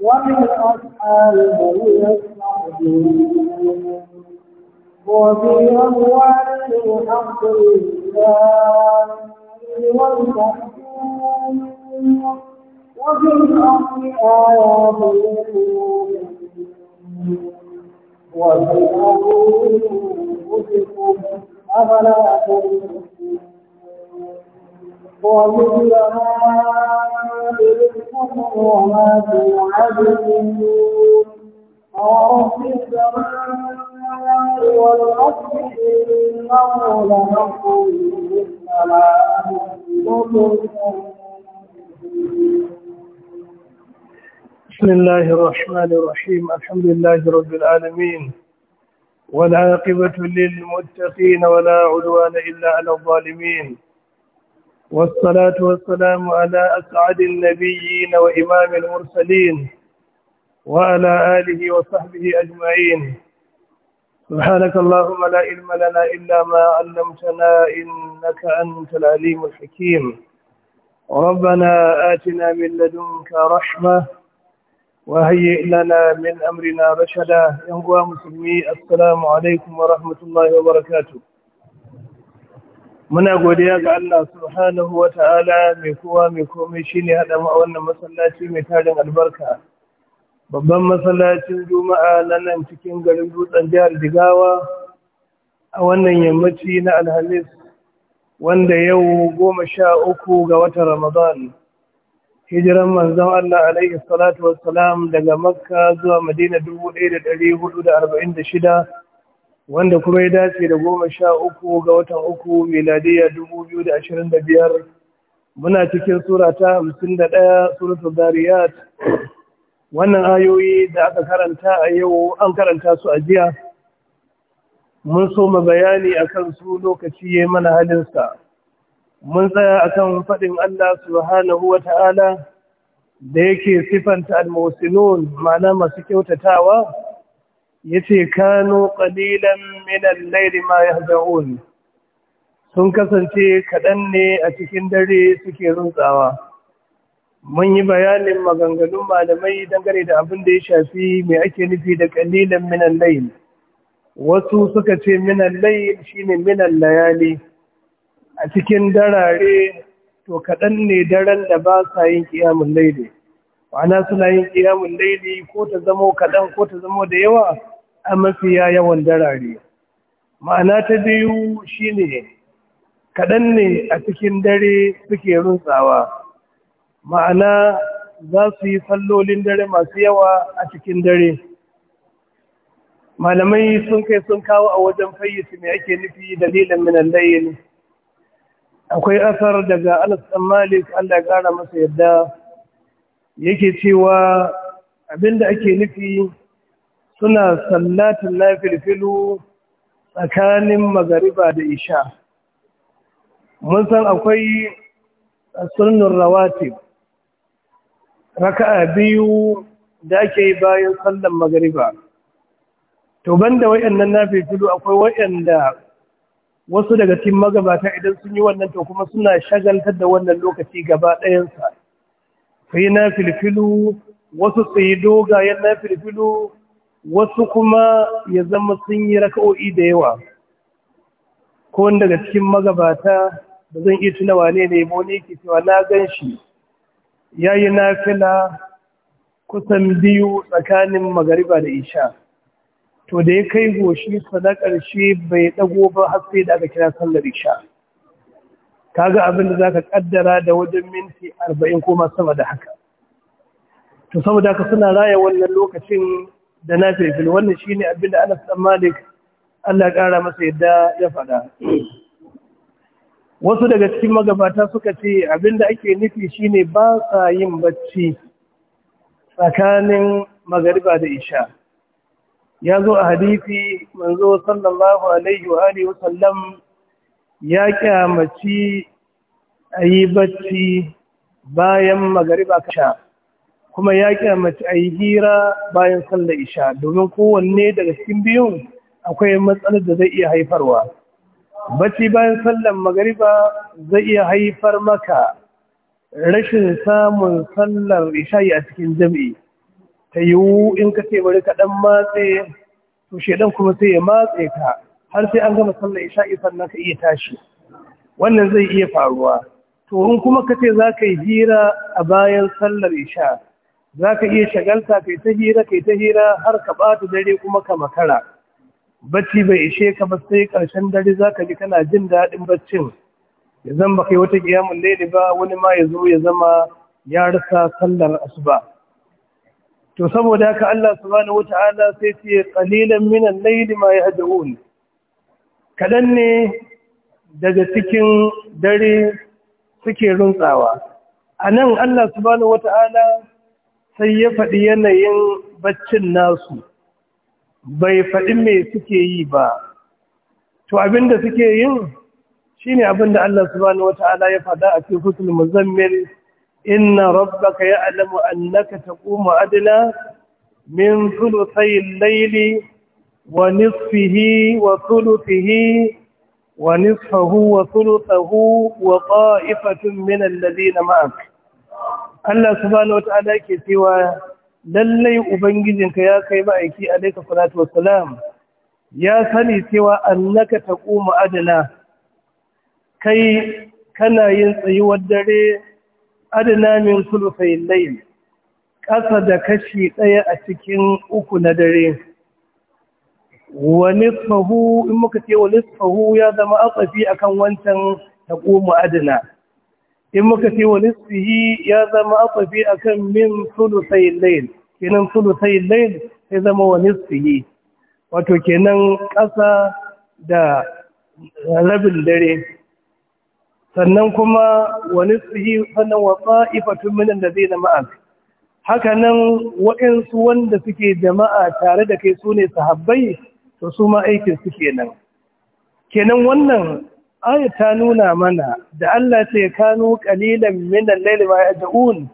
وبالأسحار هم يستعجلون وفي أموالهم حق للسائل والمحجوم وفي الأرض آيات وفي أنفسكم أفلا تبصرون ومثل ما وما بسم الله الرحمن الرحيم الحمد لله رب العالمين والعاقبة للمتقين ولا عدوان إلا على الظالمين والصلاة والسلام على أسعد النبيين وإمام المرسلين وعلى آله وصحبه أجمعين سبحانك اللهم لا علم لنا إلا ما علمتنا إنك أنت العليم الحكيم ربنا آتنا من لدنك رحمة وهيئ لنا من أمرنا رشدا يا مسلمي السلام عليكم ورحمة الله وبركاته muna godiya ga Allah subhanahu wa ta'ala mai kowa mai komai shine ne haɗa ma wannan masallaci mai tarin albarka babban masallacin juma'a na nan cikin garin dutsen jihar Jigawa a wannan yammaci na Alhamis wanda yau goma sha uku ga watan Ramadan hijiran manzon Allah alaihi salatu wassalam daga Makka zuwa Madina 1446 wanda kuma ya dace da goma sha uku ga watan uku miladiyya dubu biyu da ashirin da biyar muna cikin sura ta hamsin da ɗaya suratul zariyar. wannan ayoyi da aka karanta a yau an karanta su a jiya mun so ma bayani akan su lokaci ya mana halinsa mun tsaya akan faɗin Allah subhanahu wa ta'ala da yake siffanta al-muhsinun ma'ana masu kyautatawa yace kanu qalilan min al-layl ma yahzaun sun kasance kaɗan ne a cikin dare suke runtsawa mun yi bayanin maganganun malamai dangane da abin da ya shafi mai ake nufi da ƙalilan minan layl wasu suka ce minan layl shine minan layali a cikin darare to kaɗan ne daren da ba sa yin ƙiyamun Wa ma'ana suna yin ƙiyamun laili ko ta zamo kaɗan ko ta zamo da yawa a mafiya yawan darare ma'ana ta biyu shine kaɗan ne a cikin dare suke runtsawa ma'ana za su yi sallolin dare masu yawa a cikin dare malamai sun kai sun kawo a wajen fayyace mai ake nufi dalilin minan layin akwai asar daga anas ɗan malik Allah ƙara masa yadda yake cewa abinda ake nufi suna sallatin nafilfilu tsakanin magariba da isha mun san akwai sunnun rawatib raka'a biyu da ake yi bayan sallan magariba to banda wayannan nafilfilu akwai wayanda wasu daga cikin magabata idan sun yi wannan to kuma suna shagaltar da wannan lokaci gaba ɗayansa sai filfilu wasu tsaye dogayen nafilfilu wasu kuma ya zama sun yi raka'o'i da yawa ko wanda daga cikin magabata da zan iya tuna wane ne ba wani yake cewa na gan shi ya yi nafila kusan biyu tsakanin magariba da isha to da ya kai goshi na ƙarshe bai ɗago ba har sai da aka kira sallar isha ga abin da za ka ƙaddara da wajen minti arba'in ko sama da haka to saboda haka suna raya wannan lokacin da na wannan shi ne abin da anas ɗan malik allah ƙara masa yadda ya faɗa wasu daga cikin magabata suka ce abin da ake nufi shi ne ba sa yin bacci tsakanin magariba da isha ya zo a hadisi, manzo sallallahu alaihi wa alihi wasallam ya kyamaci a yi bacci bayan magariba kasha kuma ya mace a yi hira bayan sallar isha domin kowanne daga cikin biyun akwai matsalar da zai iya haifarwa bacci bayan sallar magariba zai iya haifar maka rashin samun sallar isha a cikin jami'i. ta yiwu in ka ce bari ka matse to shedan kuma sai ya matse ka har sai an gama sallar isha sannan ka iya tashi wannan zai iya faruwa to in kuma ka ce za ka yi hira a bayan sallar isha za ka iya shagalta kai ta hira kai ta hira har ka ɓata dare kuma ka makara bacci bai ishe ka ba sai ƙarshen dare za ka ji kana jin daɗin baccin ya zan ba kai wata ƙiyamun laili ba wani ma ya zo ya zama ya rasa sallar asuba to saboda haka Allah subhanahu wata'ala sai ce qalilan minan laili ma yahdaun kadan ne daga cikin dare suke runtsawa anan Allah subhanahu wata'ala sai ya faɗi yanayin baccin nasu bai faɗi me suke yi ba to abinda suke yin shine abinda Allah subhanahu wata'ala ya faɗa a cikin suratul muzammil inna rabbaka ya'lamu annaka ƙuma adna min thuluthay al-layli wa nisfihi wa thuluthihi wa nisfahu wa thuluthahu wa qa'ifatun min alladhina ma'aka Allah subhanahu wata'ala ke cewa lallai ubangijinka ya kai ma'aiki alaika salatu wassalam ya sani cewa annaka taqumu adana kai kana yin tsayuwar dare adana min sulufai layl ƙasa da kashi ɗaya a cikin uku na dare wa nisfahu in muka ce wa nisfahu ya zama atsafi akan wancan taqumu adana in muka ce wa sihi ya zama afafi akan min sulusai lail kenan sulusai lail sai zama wa sihi wato kenan ƙasa da rabin dare sannan kuma wa nisfihi sannan wa ta'ifatun min allazina ma'ak haka nan waɗansu wanda suke jama'a tare da kai sune sahabbai to su ma aikin su kenan kenan wannan ayat ta nuna mana da Allah ce kanu qalilan min al-layli ma yaj'un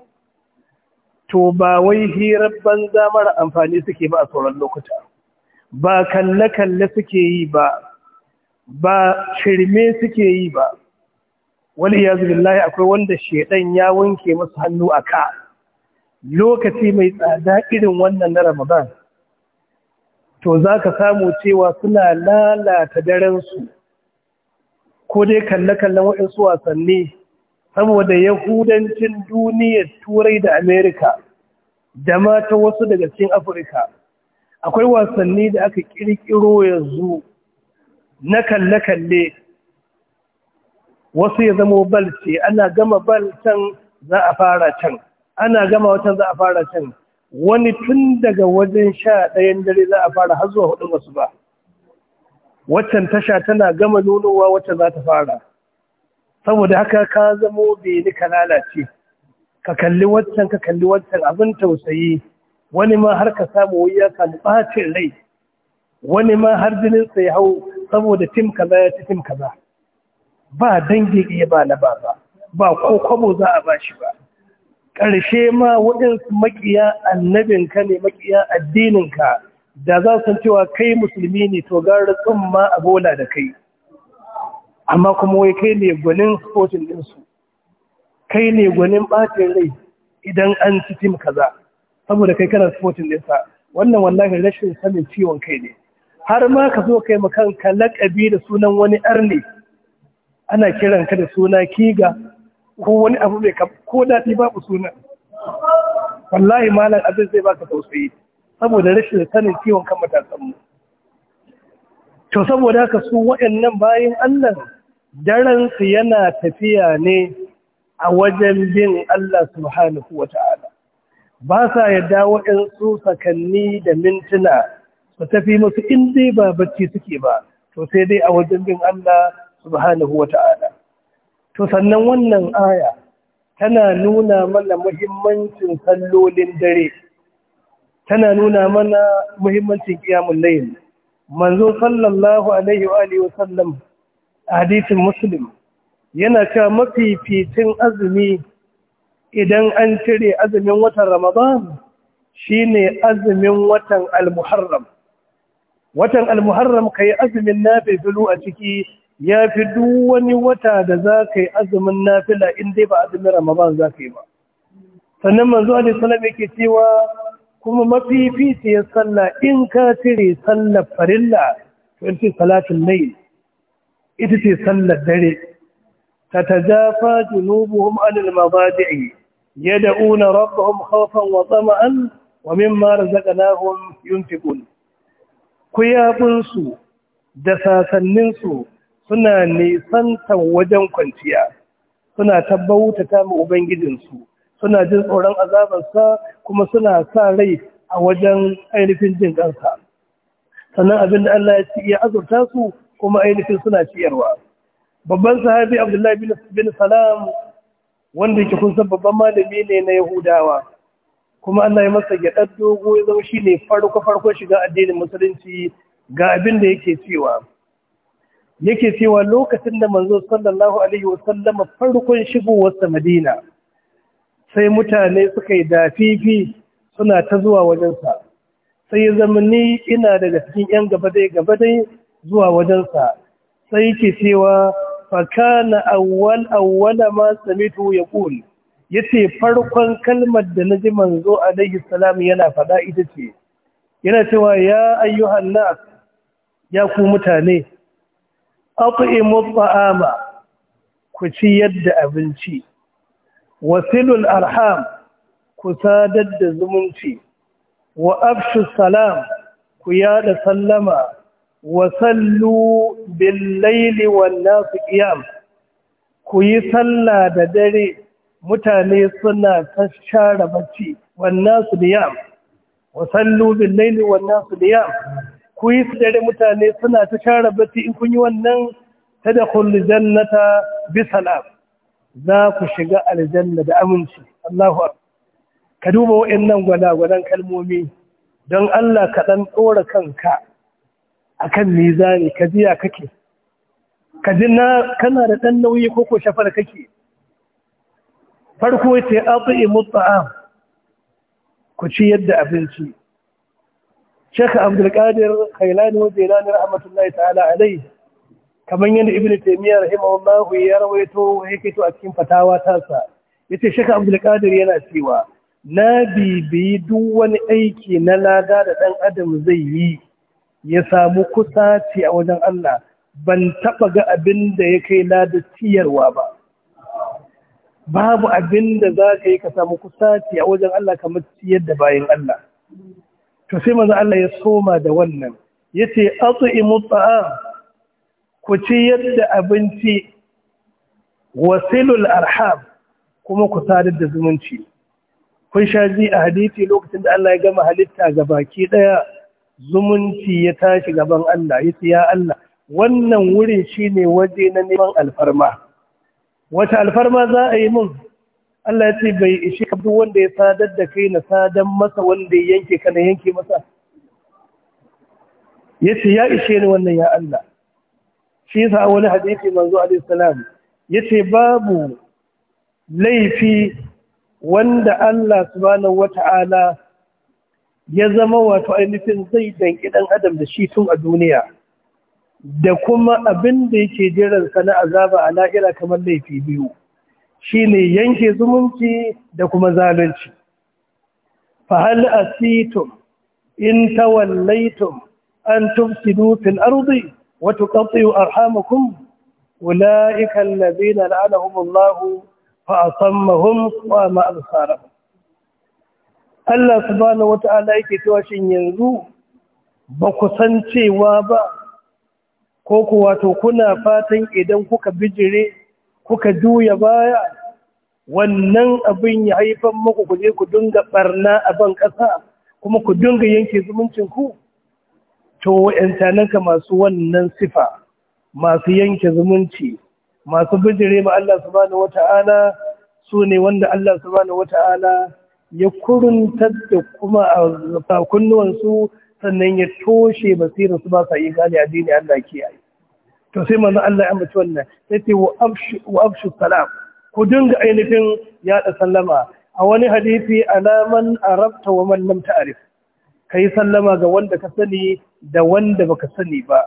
to ba wai hirar banza mara amfani suke ba a sauran lokuta ba kalle-kalle suke yi ba ba shirme suke yi ba wani ya zubillahi akwai wanda shaidan ya wanke masu hannu a ka lokaci mai tsada irin wannan na ramadan to za ka samu cewa suna lalata darensu ko dai kalle-kallen waɗansu wasanni saboda yahudancin duniyar turai da amerika da mata wasu daga cikin afirka akwai wasanni da aka kirkiro yanzu na kalle-kalle wasu ya zama balce ce ana gama bal za a fara can ana gama watan za a fara can wani tun daga wajen sha ɗayan dare za a fara har zuwa wasu ba waccan tasha tana gama nunowa wacce za ta fara saboda haka ka zamo beni ka lalace ka kalli waccan ka kalli waccan abin tausayi wani ma har ka samu wuya ya samu ɓacin rai wani ma har jinin sai hau saboda tim kaza ya ci tim kaza ba dangi iya ba na baba ba ko kwabo za a bashi ba ƙarshe ma waɗansu maƙiya annabinka ne makiya addininka da za san cewa kai musulmi ne to gara tsumma a bola da kai amma kuma wai kai ne gwanin sportin ɗinsu kai ne gwanin batin rai idan an ci tim kaza saboda kai kana sportin ɗinsa wannan wallahi rashin sanin ciwon kai ne har ma ka zo kai makanka laƙabi da sunan wani arne ana kiran ka da suna kiga ko wani abu mai ko daɗi babu suna wallahi malam abin zai baka tausayi saboda rashin sanin kiwon kan matasanmu to saboda haka su waɗannan bayan Allah daren yana tafiya ne a wajen bin Allah subhanahu wa ta'ala ba sa yadda waɗansu sakanni da mintuna su tafi musu in dai ba bacci suke ba to sai dai a wajen bin Allah subhanahu wa ta'ala to sannan wannan aya tana nuna mana muhimmancin sallolin dare tana nuna mana muhimmancin kiyamun layl manzo sallallahu alaihi wa alihi wasallam hadisin muslim yana cewa mafificin azumi idan an cire azumin watan ramadan shine azumin watan al-muharram watan al-muharram kai azumin nafilu a ciki ya fi duk wani wata da za ka yi azumin nafila in dai ba azumin ramadan za ka yi ba sannan manzo alaihi Salam yake cewa kuma mafificiyar sallah in ka cire sallar farilla to ita ce salatul layl ita ce sallar dare tatajafa junubuhum anil mabadi'i yad'una rabbahum khawfan wa tama'an wa mimma razaqnahum Ku kuyabunsu da sasanninsu suna nisantan wajen kwanciya suna ta bautata ma ubangijinsu suna jin tsoron azabarsa kuma suna sa rai a wajen ainihin jin kansa sannan abin da Allah ya ci ya azurta su kuma ainihin suna ciyarwa babban sahabi abdullahi bin salam wanda yake kun san babban malami ne na yahudawa kuma Allah ya masa gyaɗar dogo ya zama shi ne farko farko shiga addinin musulunci ga abin da yake cewa yake cewa lokacin da manzo sallallahu alaihi wasallam farkon shigowarsa madina sai mutane suka yi dafifi suna ta zuwa wajensa sai ya zama ni ina daga cikin yan gabadai gabadai zuwa wajensa sai yake cewa fakana awwal awwala ma samitu Ya ce farkon kalmar da na ji manzo daji salam yana fada ita ce yana cewa ya ayyuhan na ya ku mutane at'imu ku ci yadda abinci wasilul arham ku sadar da zumunci wa afshu salam ku yada sallama wa sallu bil laili wan nas qiyam ku yi sallah da dare mutane suna tashara bacci wan nas niyam wa sallu bil laili wan nas niyam ku yi dare mutane suna share bacci in kun yi wannan tadkhul jannata bi salam za ku shiga aljanna da aminci Allahu ka duba waɗannan gwada kalmomi don Allah ka ɗan ɗora kanka akan kan mizani ka jiya kake ka jinna kana da ɗan nauyi ko ko shafar kake farko ce abu'i mutu'am ku ci yadda abinci Abdul abdulkadir Khailani wa Jilani rahmatullahi ta'ala alaihi kamar yadda ibn taymiyyah rahimahullah ya rawaito yake to a cikin fatawa tasa yace shaka abdul qadir yana cewa na bibi duk wani aiki na lada da dan adam zai yi ya samu kusaci a wajen Allah ban taba ga abin da ya kai lada ciyarwa ba babu abin da za ka yi ka samu kusaci a wajen Allah kamar ciyar da bayan Allah to sai manzo Allah ya soma da wannan yace imu ta'am ku ci yadda abinci wasilul arham kuma ku sadar da zumunci kun sha ji a hadisi lokacin da Allah ya gama halitta ga baki daya zumunci ya tashi gaban Allah ya ya Allah wannan wurin shine waje na neman alfarma wata alfarma za a yi mun Allah ya ce bai ishi ka wanda ya sadar da kai na sadan masa wanda ya yanke ka na yanke masa ya ce ya ishe ni wannan ya Allah shi yasa wani hadisi manzo alayhi salam yace babu laifi wanda Allah subhanahu wata'ala ya zama wato ainihin zai danki dan adam da shi tun a duniya da kuma abin da yake jiran sa na azaba a lahira kamar laifi biyu shine yanke zumunci da kuma zalunci fa hal asitum in tawallaytum an tufsidu fil ardi وتقطعوا أرحامكم أولئك الذين لعنهم الله فأصمهم وأما أبصارهم Allah subhanahu wata'ala yake cewa shin yanzu ba ku san cewa ba ko ku wato kuna fatan idan kuka bijire kuka juya baya wannan abin ya haifan muku ku je ku dinga barna a ban ƙasa kuma ku dinga yanke zumuncin ku to 'yantananka masu wannan sifa masu yanke zumunci masu bijire ma Allah subhanahu ta’ala su ne wanda Allah subhanahu ta’ala ya kuruntar da kuma a kunnuwansu sannan ya toshe basirin su ba sa yi gane addini Allah kiyaye to sai manzo Allah ya mutu wannan sai ce wa afshu salam ku dinga ainihin yaɗa sallama a wani hadisi alaman arabta wa man lam ta'rif kai sallama ga wanda ka sani da wanda baka sani ba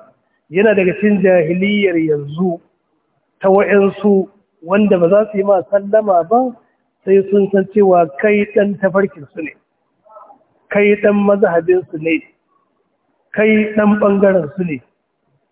yana daga cikin jahiliyar yanzu ta wa'ansu wanda ba za su yi ma sallama ba sai sun san cewa kai dan tafarkin su ne kai dan mazhabin ne kai dan bangaren su ne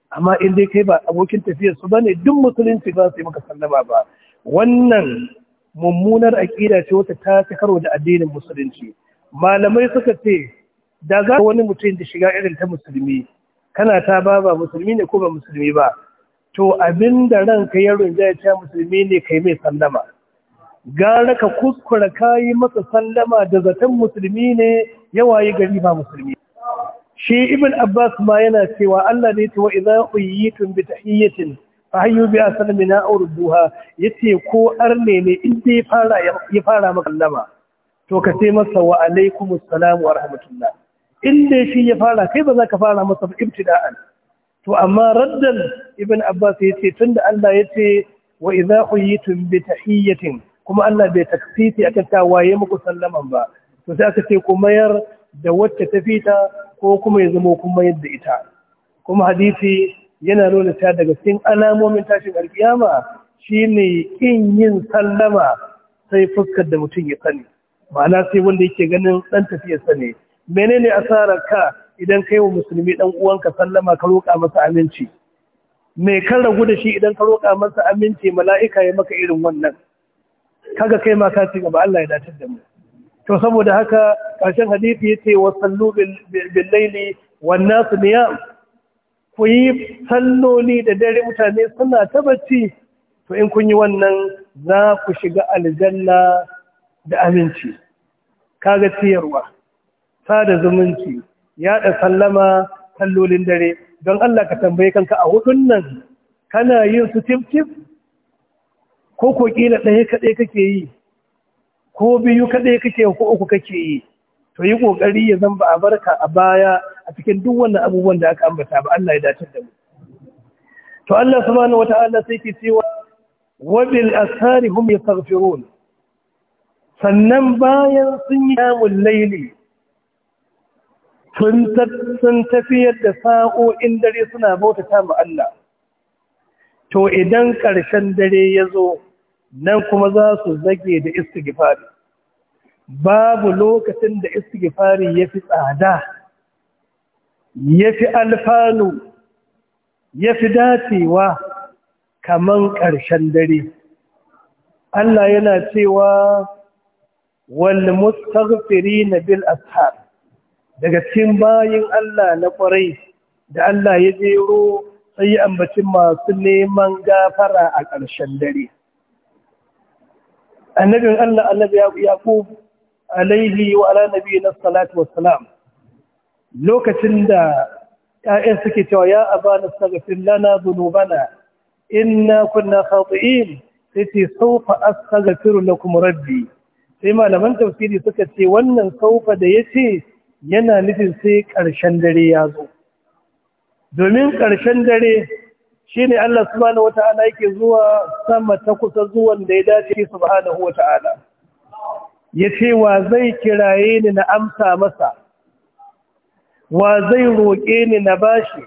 amma in dai kai ba abokin tafiyar su ne duk musulunci ba su yi maka sallama ba wannan mummunar aƙida ce wata ta karo da addinin musulunci malamai suka ce da za wani mutum da shiga irin ta musulmi kana ta ba ba musulmi ne ko ba musulmi ba to abin da ranka ya runja ya musulmi ne kai mai sallama gara ka kuskura kayi masa sallama da zaton musulmi ne yawaye gari ba musulmi shi ibn abbas ma yana cewa Allah ne ta wa idza tun bi tahiyatin fa hayyu bi aslamina aw yace ko arne ne in dai fara ya fara maka sallama to ka sai masa wa alaikumus salam wa rahmatullah inda shi ya fara kai ba za ka fara masa ibtida'an to amma raddan ibn abbas yace tunda Allah yace wa idha huyitum bi tahiyyatin kuma Allah bai a akan ta waye muku sallaman ba to sai aka ce ku mayar da wacce ta fita ko kuma ya zama kuma yadda ita kuma hadisi yana nuna ta daga cikin alamomin tashin alkiyama shine in yin sallama sai fuskar da mutum ya sani ma'ana sai wanda yake ganin dan tafiyar sani menene asarar ka idan kai wa musulmi ɗan uwanka sallama ka roƙa masa aminci me kan ragu da shi idan ka roƙa masa aminci mala'ika ya maka irin wannan kaga kai ma ka ci gaba Allah ya dace da mu to saboda haka ƙarshen hadisi yace wa sallu bil laili wan nas niyam ku yi salloli da dare mutane suna ta bacci to in kun yi wannan za ku shiga aljanna da aminci kaga ciyarwa sada zumunci yaɗa sallama kallolin dare don Allah ka tambaye kanka a hudun nan kana yin su tif-tif ko ko kila ɗaya kaɗai kake yi ko biyu kaɗai kake ko uku kake yi to yi ƙoƙari ya zan ba a barka a baya a cikin duk wannan abubuwan da aka ambata ba Allah ya dace da mu to Allah subhanahu wata'ala sai ke cewa wa bil asari hum yastaghfirun sannan bayan sun yi yamul laili sun tafiyar da sa'o'in dare suna bauta ta Allah to idan ƙarshen dare ya zo nan kuma za su zage da istigifari. babu lokacin da istigifari ya fi tsada ya fi alfanu ya fi dacewa kaman ƙarshen dare Allah yana cewa wal na bil ashab daga cikin bayin Allah na ƙwarai da Allah ya jero sai ya ambaci masu neman gafara a ƙarshen dare. Annabin Allah ya ku alaihi wa ala nabi na salatu wasalam lokacin da ‘ya'yan suke cewa ya abana sagafin lana zunubana na kunna khati'in sai ce saufa astaghfiru lakum rabbi sai malaman tafsiri suka ce wannan saufa da ya ce. yana nufin sai ƙarshen dare ya zo domin ƙarshen dare shi ne Allah subhanahu wata'ala yake zuwa sama ta kusa zuwan da ya dace subhanahu Ta'ala. ya ce wa zai kiraye ni na amsa masa wa zai roƙe ni na bashi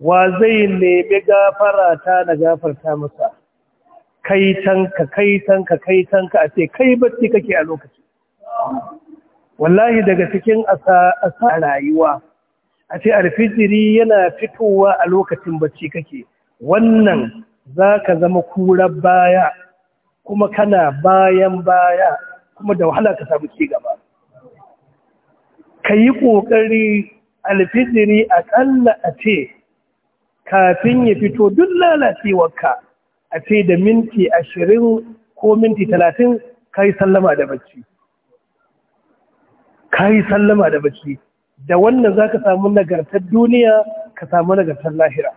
wa zai nemi gafara ta na gafarta masa kaitanka kaitanka kaitanka a ce kai bacci kake a lokaci wallahi daga cikin asa rayuwa a ce alfijiri yana fitowa a lokacin bacci kake wannan za ka zama kura baya kuma kana bayan baya kuma da wahala ka samu ci gaba ka yi ƙoƙari alfijiri aƙalla a ce kafin ya fito duk lalacewarka a ce da minti ashirin ko minti talatin ka yi sallama da bacci kayi sallama da baki da wannan za ka samu nagartar duniya ka samu nagartar lahira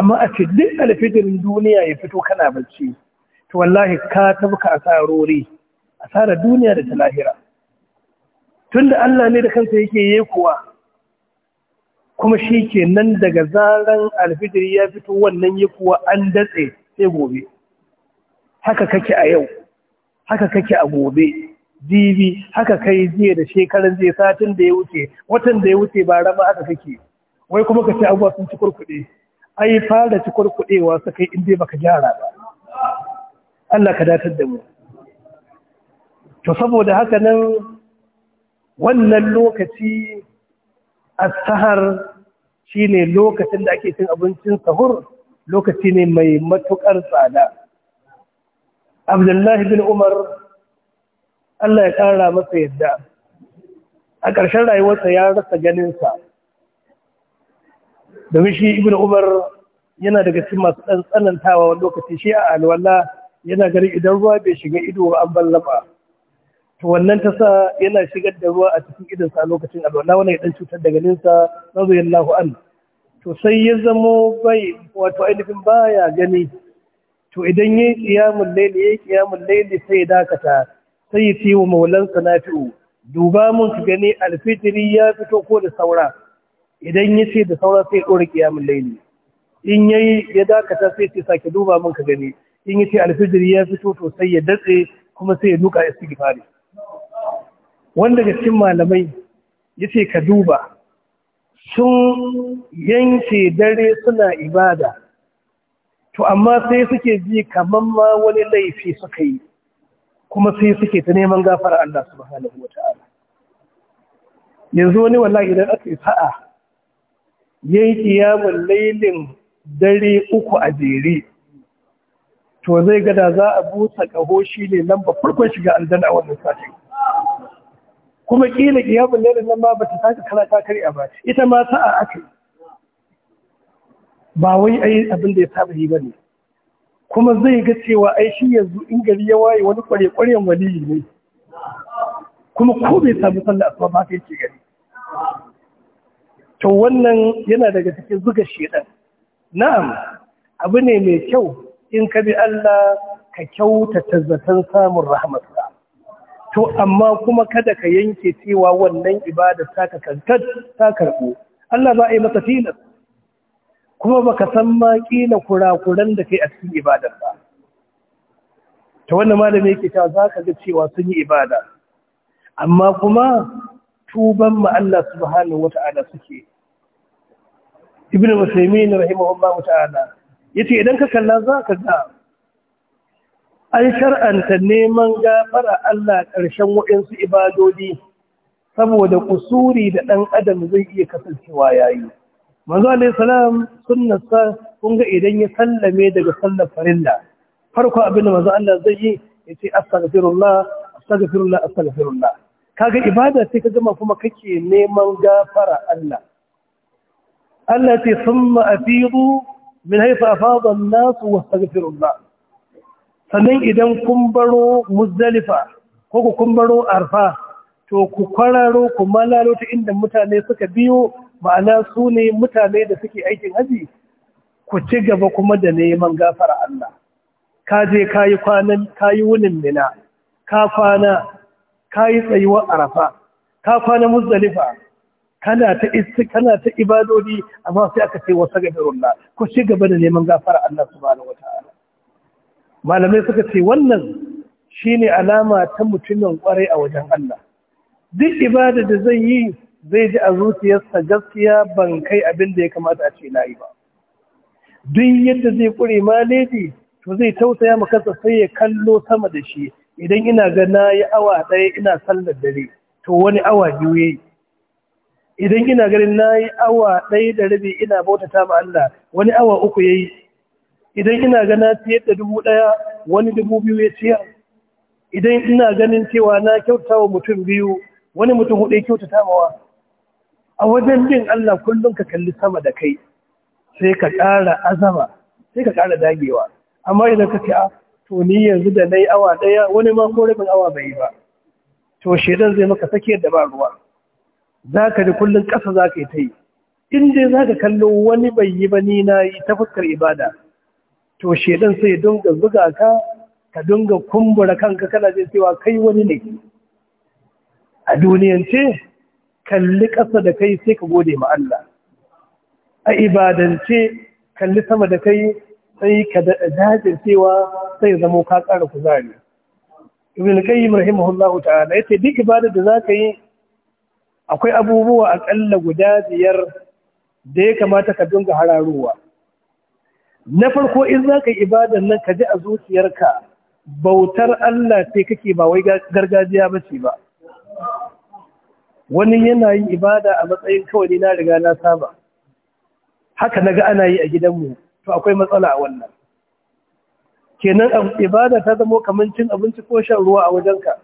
amma a ce duk alfijirin duniya ya fito kana bacci to wallahi ka tabuka asarori asara duniya da ta lahira tunda Allah ne da kansa yake yi kuwa kuma shi ke nan daga zaren alfijiri ya fito wannan yi kuwa an datse sai gobe haka kake a yau haka kake a gobe jibi haka kai jiya da shekarun jiya satin da ya wuce watan da ya wuce ba rama aka kake wai kuma ka ce abuwa sun ci kurkuɗe ai fara ci kurkuɗewa su kai inda baka gyara ba Allah ka datar da mu to saboda haka nan wannan lokaci a sahar ne lokacin da ake cin abincin sahur lokaci ne mai matukar tsada Abdullahi bin Umar Allah ya ƙara masa yadda a ƙarshen rayuwarsa ya rasa ganinsa da shi ibn umar yana daga cikin masu ɗan tsanantawa wani lokaci shi a alwala yana gari idan ruwa bai shiga ido an ballaba to wannan ta sa yana shigar da ruwa a cikin idonsa a lokacin alwala wani ya ɗan cutar da ganinsa radiyallahu an to sai ya zamo bai wato ainihin baya gani to idan ya yi kiyamun laili ya yi laili sai ya dakata sai ya ce wa maulansa nafi'u duba mun ka gani alfitiri ya fito ko da saura idan ya ce da saura sai ɗora ƙiyamun laili in ya yi ya dakata sai ce sake duba mun ka gani in ya ce alfijiri ya fito to sai ya datse kuma sai ya duka ya sigi fari wanda daga cikin malamai ya ce ka duba sun yanke dare suna ibada to amma sai suke ji kamar ma wani laifi suka yi kuma sai suke ta neman gafara Allah su mahalin subhanahu wata'ala yanzu wani wallahi idan aka yi sa'a yayi kiyamul lailin dare uku a jere to zai gada za a busa ƙaho shi ne lamba farkon shiga aljanna a wannan sati kuma ƙila kiyamul lailin nan ba bata saka kana ta karya ba ita ma sa'a aka yi ba wai ai abin da ya saba yi bane kuma zai ga cewa ai shi yanzu in gari ya waye wani kware-kwaren waliyi ne kuma ko bai sami sallah asuba ba kai ke gari to wannan yana daga cikin zuga shedan na'am abu ne mai kyau in ka bi Allah ka kyauta tazzatan samun rahmatsa to amma kuma kada ka yanke cewa wannan ibada ta ka kankan ta karbo Allah za a yi masa tilas kuma baka san ma kila kurakuran da kai a cikin ibadar ba ta wannan malami yake ta za ka ga cewa sun yi ibada amma kuma tuban ma Allah subhanahu wata'ala suke ibnu muslimin rahimahullah ta'ala yace idan ka kalla za ka ga an shar'anta neman gafara Allah ƙarshen waɗansu ibadodi saboda kusuri da ɗan adam zai iya kasancewa yayi manzo alaihi salam sunnarsa kun ga idan ya sallame daga sallar farilla farko abin da manzo Allah zai yi ya ce astaghfirullah astaghfirullah astaghfirullah kaga ibada sai ka gama kuma kake neman gafara Allah Allah ce thumma afidu min haythu afada an-nas wa astaghfirullah sannan idan kun baro muzdalifa ko kun baro arfa to ku kwararo ku malalo ta inda mutane suka biyo ma'ana su ne mutane da suke aikin haji ku ci gaba kuma da neman gafara Allah ka je kayi kwanan kayi wunin mina ka kwana ka yi tsayuwar arafa ka kwana muzdalifa kana ta isti kana ta ibadodi amma sai aka ce wasa ga birullah ku ci gaba da neman gafara Allah subhanahu wataala malamai suka ce wannan shine alama ta mutumin kwarai a wajen Allah duk ibada da zai yi zai ji a zuciyarsa gaskiya ban kai abin da ya kamata a ce na yi ba duk yadda zai kure maleji to zai tausaya ma kansa sai ya kallo sama da shi idan ina ga na yi awa ɗaya ina sallar dare to wani awa biyu yi. idan ina ganin na yi awa ɗaya da rabi ina bautata ma Allah wani awa uku yayi idan ina ga na da dubu ɗaya wani dubu biyu ya ciyar idan ina ganin cewa na kyautata wa mutum biyu wani mutum hudu ya kyautata wa a wajen bin Allah kullum ka kalli sama da kai sai ka ƙara azama sai ka ƙara dagewa amma idan ka ce a ah, to ni yanzu da nayi awa daya wani ma ko rabin awa bai ba to shedan zai maka sake da ba ruwa zaka ji kullum ƙasa zaka yi ta yi in dai zaka kallo wani bai yi ba ni na yi ta fuskar ibada to shedan sai dinga zuga ka ka dunga kumbura kanka kana jin cewa kai wani ne a duniyance kalli ƙasa da kai sai ka gode ma Allah a ibadance kalli sama da kai sai ka daɗa cewa sai zamo ka ƙara kuzari ibn qayyim rahimahullahu ta'ala yace duk ibada da zaka yi akwai abubuwa a akalla guda biyar da ya kamata ka dinga hararowa na farko in zaka yi ibadan nan ka ji a zuciyarka bautar Allah sai kake ba wai gargajiya bace ba wani yana yin ibada a matsayin kawai na riga na saba haka na ga ana yi a gidanmu to akwai matsala a wannan kenan ibada ta zama kamar cin abinci ko shan ruwa a wajenka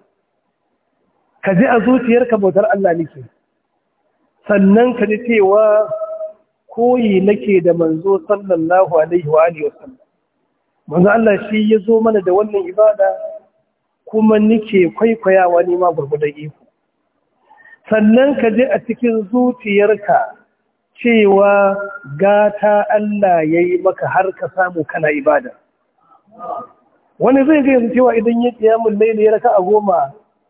ka ji a zuciyarka bautar Allah nake sannan ka ji cewa koyi nake da manzo sallallahu alaihi wa alihi wasallam manzo Allah shi ya zo mana da wannan ibada kuma nake kwaikwayawa ne ma gurgudan iko sannan ka je a cikin zuciyarka cewa gata Allah ya yi maka har ka samu kana ibada wani zai zai yanzu cewa idan ya kiyamun laili ya raka a goma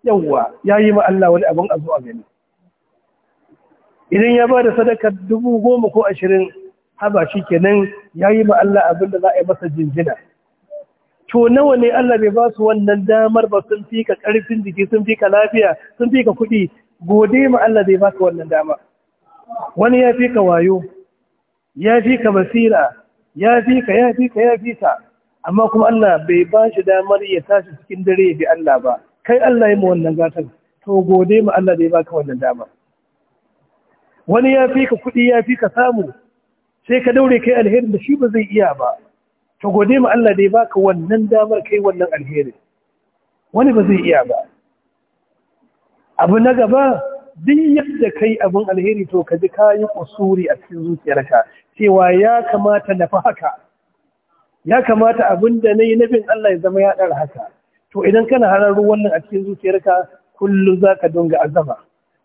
yawwa ya yi ma Allah wani abin a zuwa gani idan ya ba da sadaka dubu goma ko ashirin haba shi kenan ya yi ma Allah abin da za a yi masa jinjina to nawa ne Allah bai ba su wannan damar ba sun fika ƙarfin jiki sun fika lafiya sun fika kuɗi gode ma Allah zai baka wannan dama wani ya fi ka wayo ya fi ka basira ya fi ka ya fi ka ya fi ka amma kuma Allah bai ba shi damar ya tashi cikin dare ya bi Allah ba kai Allah ya ma wannan gatan to gode ma Allah zai baka wannan dama wani ya fi ka kuɗi ya fi ka samu sai ka daure kai alherin da shi ba zai iya ba to gode ma Allah zai baka wannan damar kai wannan alherin wani ba zai iya ba abu na gaba duk yadda kai abin alheri to ka ji kayan kusuri a cikin zuciyarka cewa ya kamata na fi haka ya kamata abin da na yi nufin Allah ya zama ya ɗara haka to idan kana ruwan nan a cikin zuciyarka kullum za ka dunga azama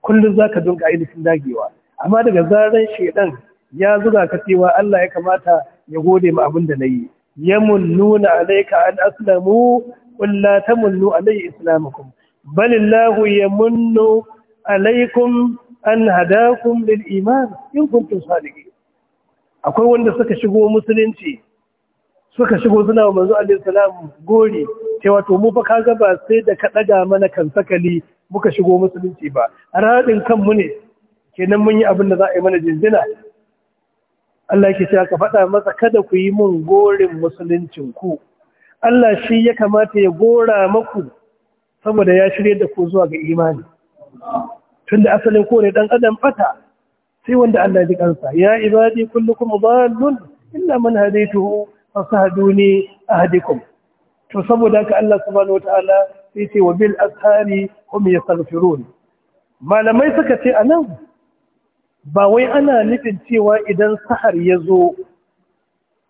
kullum za ka dunga ainihin dagewa amma daga zaran shaidan ya zuga ka cewa Allah ya kamata ya gode ma abin da na yi yamunnuna alayka an aslamu qul la tamunnu alayya islamakum بل الله يمن عليكم أن هداكم للإيمان إن كنتم صادقين akwai wanda suka shigo musulunci suka shigo suna wa manzo alaihi salam gori cewa wato mu fa kaga ba sai da ka daga mana kan sakali muka shigo musulunci ba radin kanmu ne kenan mun yi abin da za a yi mana jinjina Allah yake cewa ka faɗa masa kada ku yi mun gorin musuluncin ku Allah shi ya kamata ya gora maku saboda ya shirye da ku zuwa ga imani tunda asalin kore dan adam fata sai wanda Allah ji kansa ya ibadi ba dallun illa man hadaytuhu fasahduni ahdikum to saboda haka Allah subhanahu wataala sai ce wa bil ashari hum yastaghfirun malamai suka ce anan ba wai ana nufin cewa idan sahar ya zo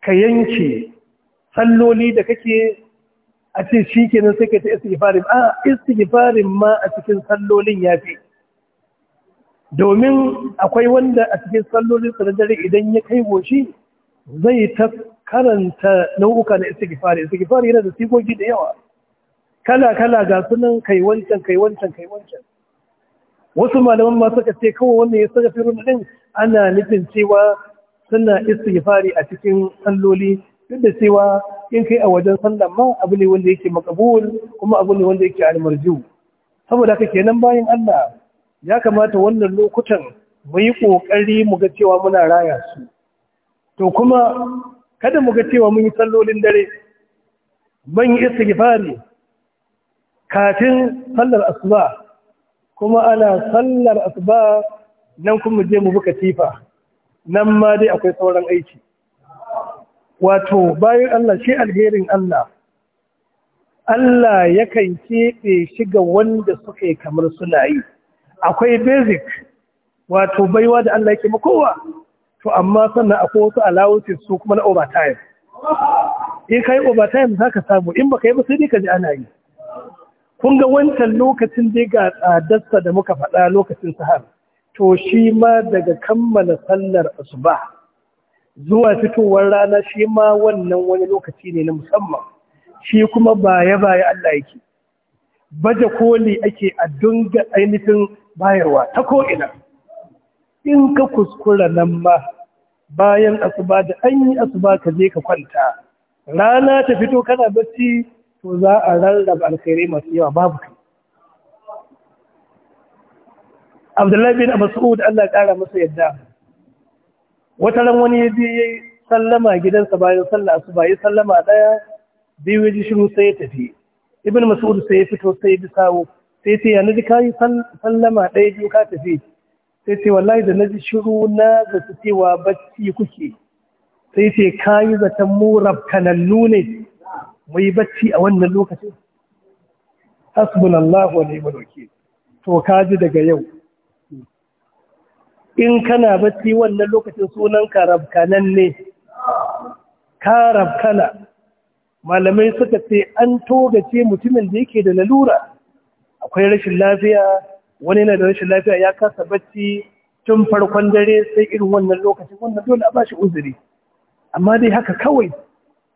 ka yanke salloli da kake a ce shi kenan sai ka ta istighfarin a istighfarin ma a cikin sallolin ya fi domin akwai wanda a cikin sallolin sanadari idan ya kai goshi zai ta karanta nau'uka na istighfari istighfari yana da sigogi da yawa kala kala ga sunan kai wancan kai wancan kai wancan wasu malaman ma suka ce kawai wanda ya saka firin din ana nufin cewa suna istighfari a cikin salloli duk da cewa in kai a wajen sallan ma abu ne wanda yake makabul kuma abu ne wanda yake almarju saboda haka kenan bayan Allah ya kamata wannan lokutan mu yi kokari mu ga cewa muna raya su to kuma kada mu ga cewa mun yi sallolin dare ban yi istighfari kafin sallar asuba kuma ana sallar asuba nan kuma je mu buka tifa nan ma dai akwai sauran aiki wato bayan Allah shi alherin Allah Allah ya yakan keɓe shi ga wanda suka yi kamar suna yi akwai basic wato baiwa da Allah yake makowa to amma sannan akwai wasu allowances su kuma na overtime in ka yi overtime za ka samu in ba ka yi ba sai dai ka ji ana yi kun ga wancan lokacin dai ga tsadarsa da muka faɗa lokacin sahar to shi ma daga kammala sallar asuba zuwa fitowar rana shi ma wannan wani lokaci ne na musamman shi kuma baya baya Allah yake baje koli ake a dunga ainihin bayarwa ta ko ina in ka kuskura nan ma bayan asuba da an asuba ka je ka kwanta rana ta fito kana bacci to za a rarraba alkhairi masu yawa babu kai Abdullahi bin Mas'ud Allah ya kara masa yadda wata ran wani ya je ya sallama gidansa bayan sallah su ya sallama daya biyu shiru sai ya tafi ibn mas'ud sai ya fito sai ya bi sawo sai ce ya naji kayi sallama ɗaya biyu ka tafi sai ce wallahi da naji shiru na ga su cewa bacci kuke sai ce kayi zaton mu rabkanannu ne mu yi bacci a wannan lokacin hasbunallahu wa ni'mal wakil to kaji daga yau in kana bacci wannan lokacin sunan karabkanan ne karabkana malamai suka ce an togace mutumin da yake da lalura akwai rashin lafiya wani yana da rashin lafiya ya kasa bacci tun farkon dare sai irin wannan lokacin wannan dole a bashi uzuri amma dai haka kawai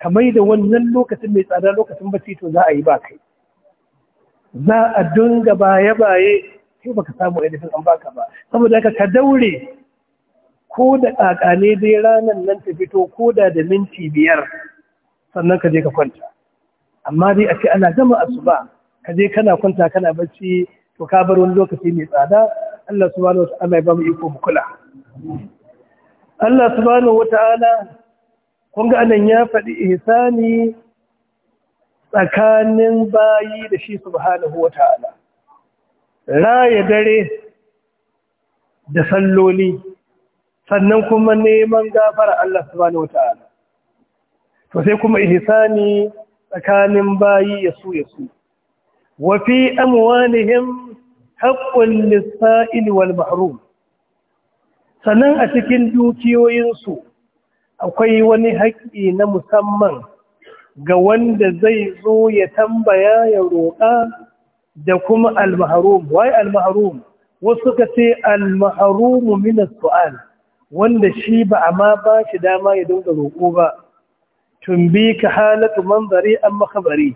kamar da wannan lokacin mai tsada lokacin bacci to za a yi ba kai za a dunga baye-baye sai baka samu ainihin an baka ba saboda haka ka daure ko da kakane dai ranar nan ta fito ko da da minti biyar sannan ka je ka kwanta amma dai a ce ana gama asuba ka je kana kwanta kana bacci to ka bar wani lokaci mai tsada Allah subhanahu ta'ala ya ba mu iko mu kula Allah subhanahu ta'ala kun ga anan ya faɗi ihsani tsakanin bayi da shi subhanahu ta'ala. raya dare da salloli sannan kuma neman gafara Allah subhanahu wata'ala to sai kuma ihsani tsakanin bayi ya su ya su wa fi amwalihim haqqun lis wal mahrum sannan a cikin dukiyoyinsu akwai wani haƙƙi na musamman ga wanda zai zo ya tambaya ya roƙa da kuma al-mahrum wai al-mahrum wasu ka ce al-mahrum min as-su'al wanda shi ba amma ba shi dama ya dinga roƙo ba tumbi ka halatu manzari an makabari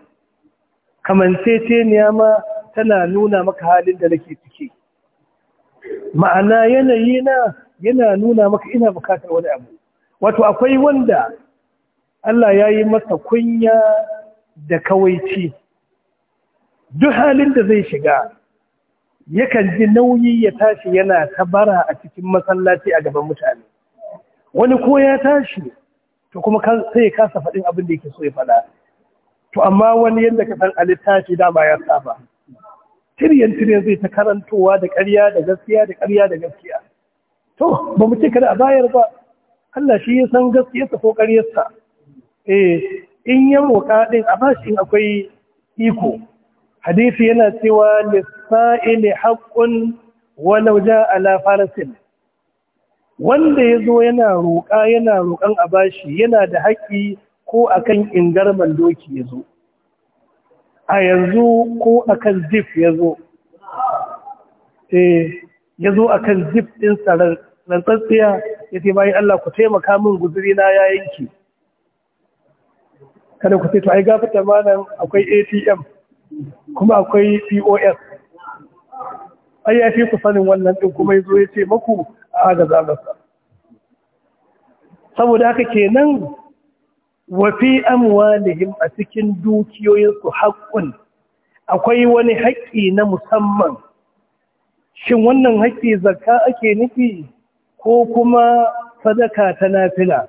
kamanceceniya ma tana nuna maka halin da nake ciki ma'ana yanayi na yana nuna maka ina bukatar wani abu wato akwai wanda Allah ya yi masa kunya da kawaici duk halin da zai shiga yakan ji nauyi ya tashi yana ta bara a cikin masallaci a gaban mutane wani ko ya tashi to kuma sai ya kasa faɗin abin da yake so ya faɗa to amma wani yadda ka san tashi dama ya saba tiryan tiryan zai ta karantowa da ƙarya da gaskiya da ƙarya da gaskiya to ba mu ce kada a bayar ba Allah shi ya san gaskiyarsa ko ƙaryarsa eh in yi roƙa ɗin a bashi in akwai iko hadisi yana cewa lissa'ili haƙƙun walau ja ala farasin wanda ya zo yana roƙa yana roƙan a bashi yana da haƙƙi ko akan ingarman doki ya zo a yanzu ko akan zif ya zo eh, ya zo a kan zif ɗin tsarar tsatsiya ya ce bayan Allah ku taimaka min guzuri na ya yanki kada ku ce to ai gafata malam akwai ATM kuma akwai pos ai ya fi ku sanin wannan ɗin kuma yi zo ya ce maku a ga masa saboda haka kenan wafi amwalihim a cikin dukiyoyinsu haƙƙun akwai wani haƙƙi na musamman shin wannan haƙƙi zakka ake nufi ko kuma sadaka ta nafila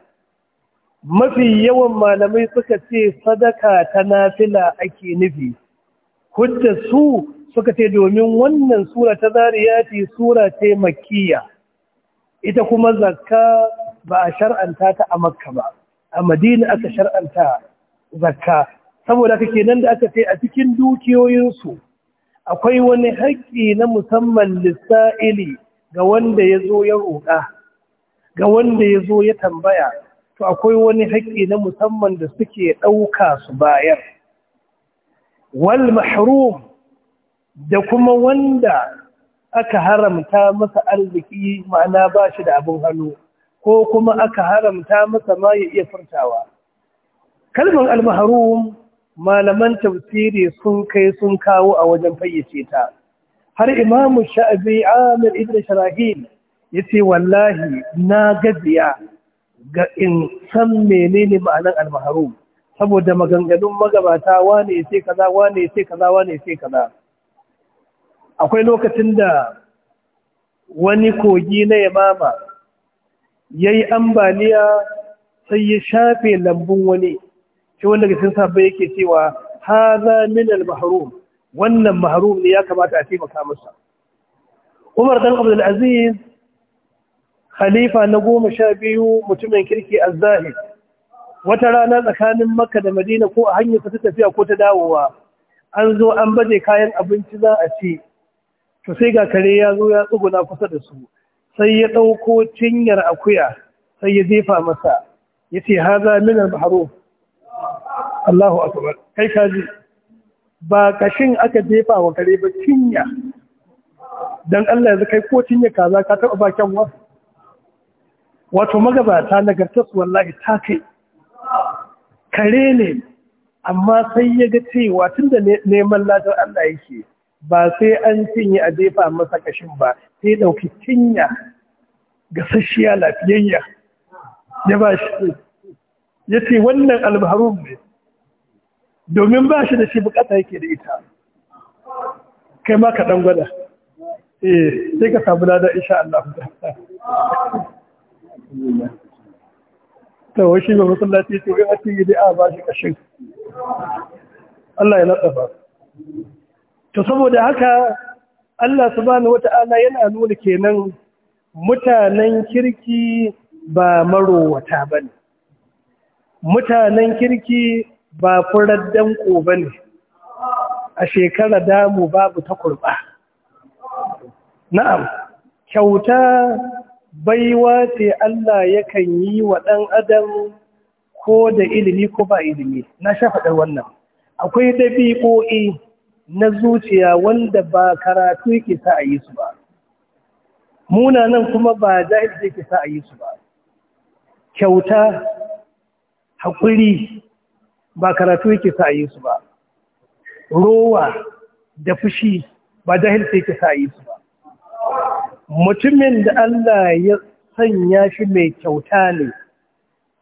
mafi yawan malamai suka ce sadaka ta nafila ake nufi hujjar su suka ce domin wannan sura ta ce sura ce makiya ita kuma zakka ba a shar'anta ta a makka ba a madina aka shar'anta zakka saboda ke nan da aka ce a cikin dukiyoyinsu akwai wani haƙƙi na musamman lissa'ili ga wanda ya zo ya roƙa ga wanda ya zo ya tambaya to akwai wani haƙƙi na musamman da suke ɗauka su bayar wal mahrum da kuma wanda aka haramta masa arziki ma'ana ba shi da abin hannu ko kuma aka haramta masa ma ya iya furtawa kalmar al-mahrum malaman tafsiri sun kai sun kawo a wajen fayyace ta har imamu sha'abi amir ibn sharahil yace wallahi na gajiya ga in san menene ma'anar al-mahrum saboda maganganun magabata wane ya ce kaza wane ya ce kaza wane ya ce kaza akwai lokacin da wani kogi na yamama ya yi ambaliya sai ya shafe lambun wani shi wanda ga sun sabbai yake cewa 'Ha min al-mahrum wannan mahrum ne ya kamata a taimaka masa Umar dan Abdul Aziz khalifa na goma sha biyu mutumin kirki az-zahid wata rana tsakanin makka da madina ko a hanyar ta tafiya ko ta dawowa an zo an baje kayan abinci za a ci to sai ga kare ya zo ya tsuguna kusa da su sai ya ɗauko cinyar akuya sai ya jefa masa ya ce min al baharo Allahu akbar kai kaji ba kashin aka jefa wa kare ba cinya dan Allah yanzu kai ko cinya kaza ka taɓa bakin wa wato magabata nagartarsu wallahi ta kai kare ne amma sai ya ga cewa tun da neman ladar Allah yake ba sai an cinye a jefa masa kashin ba sai ɗauki cinya gasasshiya lafiyayya ya ba shi ya ce wannan albaharun ne domin ba shi da shi bukata yake da ita kai ma ka ɗan gwada eh sai ka samu lada insha Allah to wai shi mai masallaci to ake yi da'a ba shi kashin Allah ya latsafa to saboda haka Allah subhanahu wata'ala yana nuna kenan mutanen kirki ba marowata bane mutanen kirki ba furar danko bane a shekara damu babu ta kurba na'am kyauta baiwa ce Allah yakan yi wa ɗan adam ko da ilimi ko ba ilimi na shafaɗar wannan akwai ɗabi'o'i na zuciya wanda ba karatu yake sa a yi su ba munanan kuma ba jahilci yake sa a yi su ba kyauta haƙuri ba karatu yake sa a yi su ba rowa da fushi ba jahilci yake sa a yi su mutumin da Allah ya sanya shi mai kyauta ne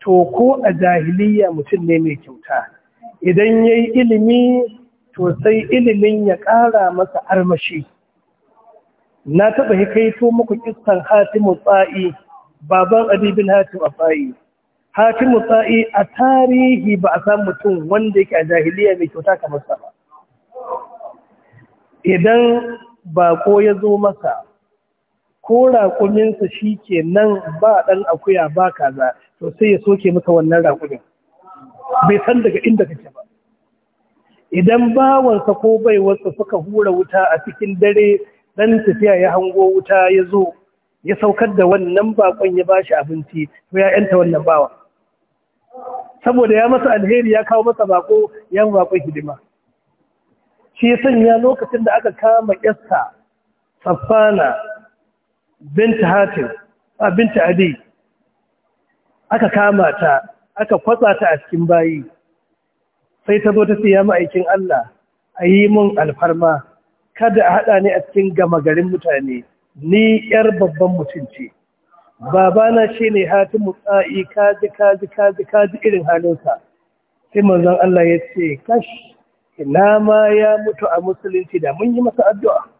to ko a jahiliya mutum ne mai kyauta idan ya yi ilimi to sai ilimin ya ƙara masa armashi na taɓa hikaito muku kistan hatimu tsa'i baban adibin hatimu tsa'i hatimu tsa'i a tarihi ba a san mutum wanda yake a jahiliya mai kyauta kamar sa ba idan bako ya zo masa ko raƙuminsa shi ke nan ba ɗan akuya ba kaza to sai ya soke maka wannan raƙumin bai san daga inda kake ba idan bawansa ko baiwarsa suka hura wuta a cikin dare dan tafiya ya hango wuta ya zo ya saukar da wannan bakon ya bashi abinci to ya yanta wannan bawa saboda ya masa alheri ya kawo masa bako ya yi bakon hidima shi sanya lokacin da aka kama ƙyasta saffana binta hatim a binta adi aka kama ta aka kwatsa ta a cikin bayi sai ta zo ta siya ma'aikin Allah a yi mun alfarma kada a haɗa ni a cikin gama garin mutane ni yar babban mutunci. babana shi ne hatimu tsa'i kaji kaji kaji kaji irin halinsa sai manzon Allah ya ce kash ina ma ya mutu a musulunci da mun yi masa addu'a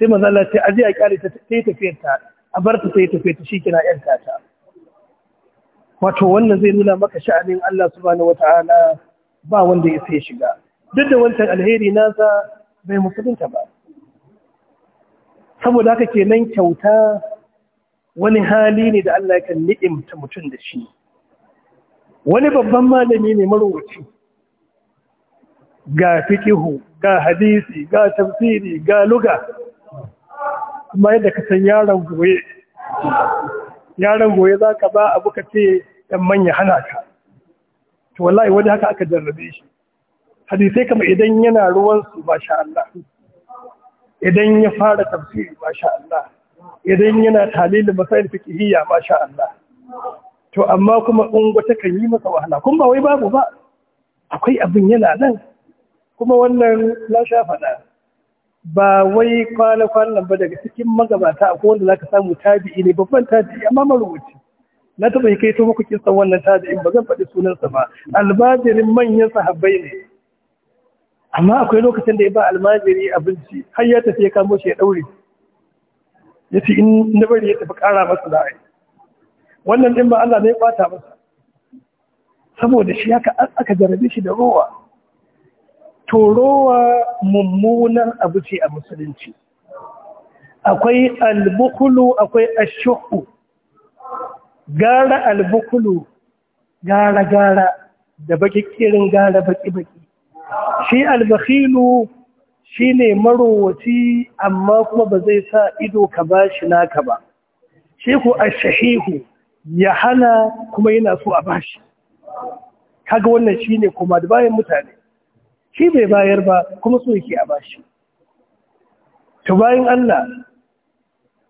sai manzo Allah ce aji a kyale ta yi tafiyar ta a bar ta yi tafiyar ta kina yan tata wato wannan zai nuna maka sha'anin Allah subhanahu wataala ba wanda ya sai shiga duk da wancan alheri nasa bai musulunta ba saboda haka kenan kyauta wani hali ne da Allah kan ni'imta mutum da shi wani babban malami ne marowaci ga fikihu ga hadisi ga tafsiri ga luga kuma yadda ka san yaron goye yaron goye za ka ba abu ka ce yan manya hana ka to wallahi wani haka aka jarrabe shi hadisai kama idan yana ruwansu masha Allah idan ya fara tafsiri masha Allah idan yana talilin masayin fikihiyya masha Allah to amma kuma ungu ta kan yi masa wahala kun ba wai babu ba akwai abin yana nan kuma wannan la sha faɗa ba wai kwana nan ba daga cikin magabata a wanda za ka samu tabi'i ne babban tabi'i amma marubuci na taɓa yi kai to muku san wannan tabi'in ba zan faɗi sunansa ba almajirin manyan sahabbai ne amma akwai lokacin da ya ba almajiri abinci har ya tafi ya kamo shi ya ɗaure ya ce in na bari ya tafi ƙara masa za wannan ɗin ba Allah ne ya ɓata masa saboda shi haka aka jarabe shi da rowa turowa mummunan abu ce a musulunci akwai albukulu akwai ashuhu gara albukulu gara-gara da baki kirin gara baki-baki shi albakhilu shi ne marowaci amma kuma ba zai sa ido ka ba shi naka ba shi ku ashahihu ya hana kuma yana so a bashi kaga wannan shi ne kuma da bayan mutane shi bai bayar ba kuma so yake a bashi to bayan Allah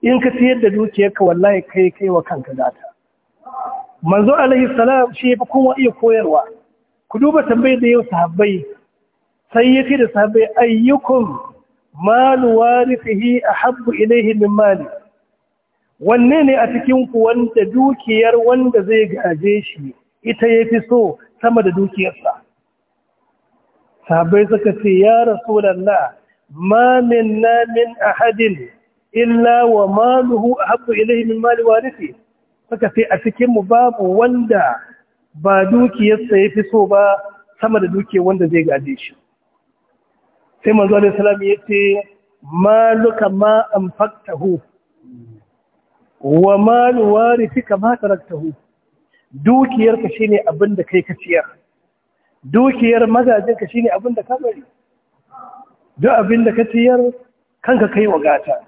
in ka siyar da dukiyarka wallahi kai kai wa kanka zata manzo alaihi salam shi yafi kowa iya koyarwa ku duba tambayar da yau sahabbai sai yake da sahabbai ayyukum malu a ahabbu ilayhi min mali wanne ne a cikin ku wanda dukiyar wanda zai gaje shi ita yafi so sama da dukiyarsa sahabai suka ce ya rasulallah ma minna min ahadin illa wa maluhu ahabbu ilayhi min mali warithi suka ce a cikin mu babu wanda ba dukiyarsa ya fi so ba sama da dukiyar wanda zai gaje shi sai manzo alaihi salam ya ce maluka ma anfaqtahu wa kama warithika ma taraktahu dukiyarka shine abin da kai ka ciyar dukiyar mazaje ka ne abin da ka bari duk abin da ka ciyar kanka kai wa gata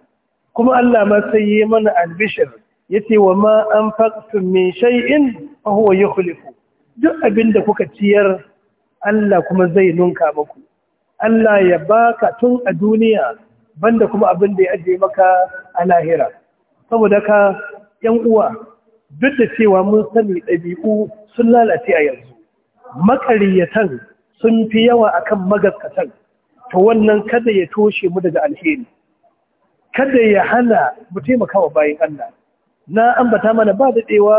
kuma Allah ma sai yi mana albishir ce wa ma an anfaqtum min shay'in a huwa yukhlifu duk abin da kuka ciyar Allah kuma zai nunka maku. Allah ya baka tun a duniya banda kuma abin da ya ajiye maka a lahira saboda ka yan uwa duk da cewa mun sani ɗabi'u sun lalace a yanzu maƙaryatan sun fi yawa akan magaskatan to wannan kada ya toshe mu daga alheri kada ya hana mu taimakawa bayan Allah na ambata mana ba da daɗewa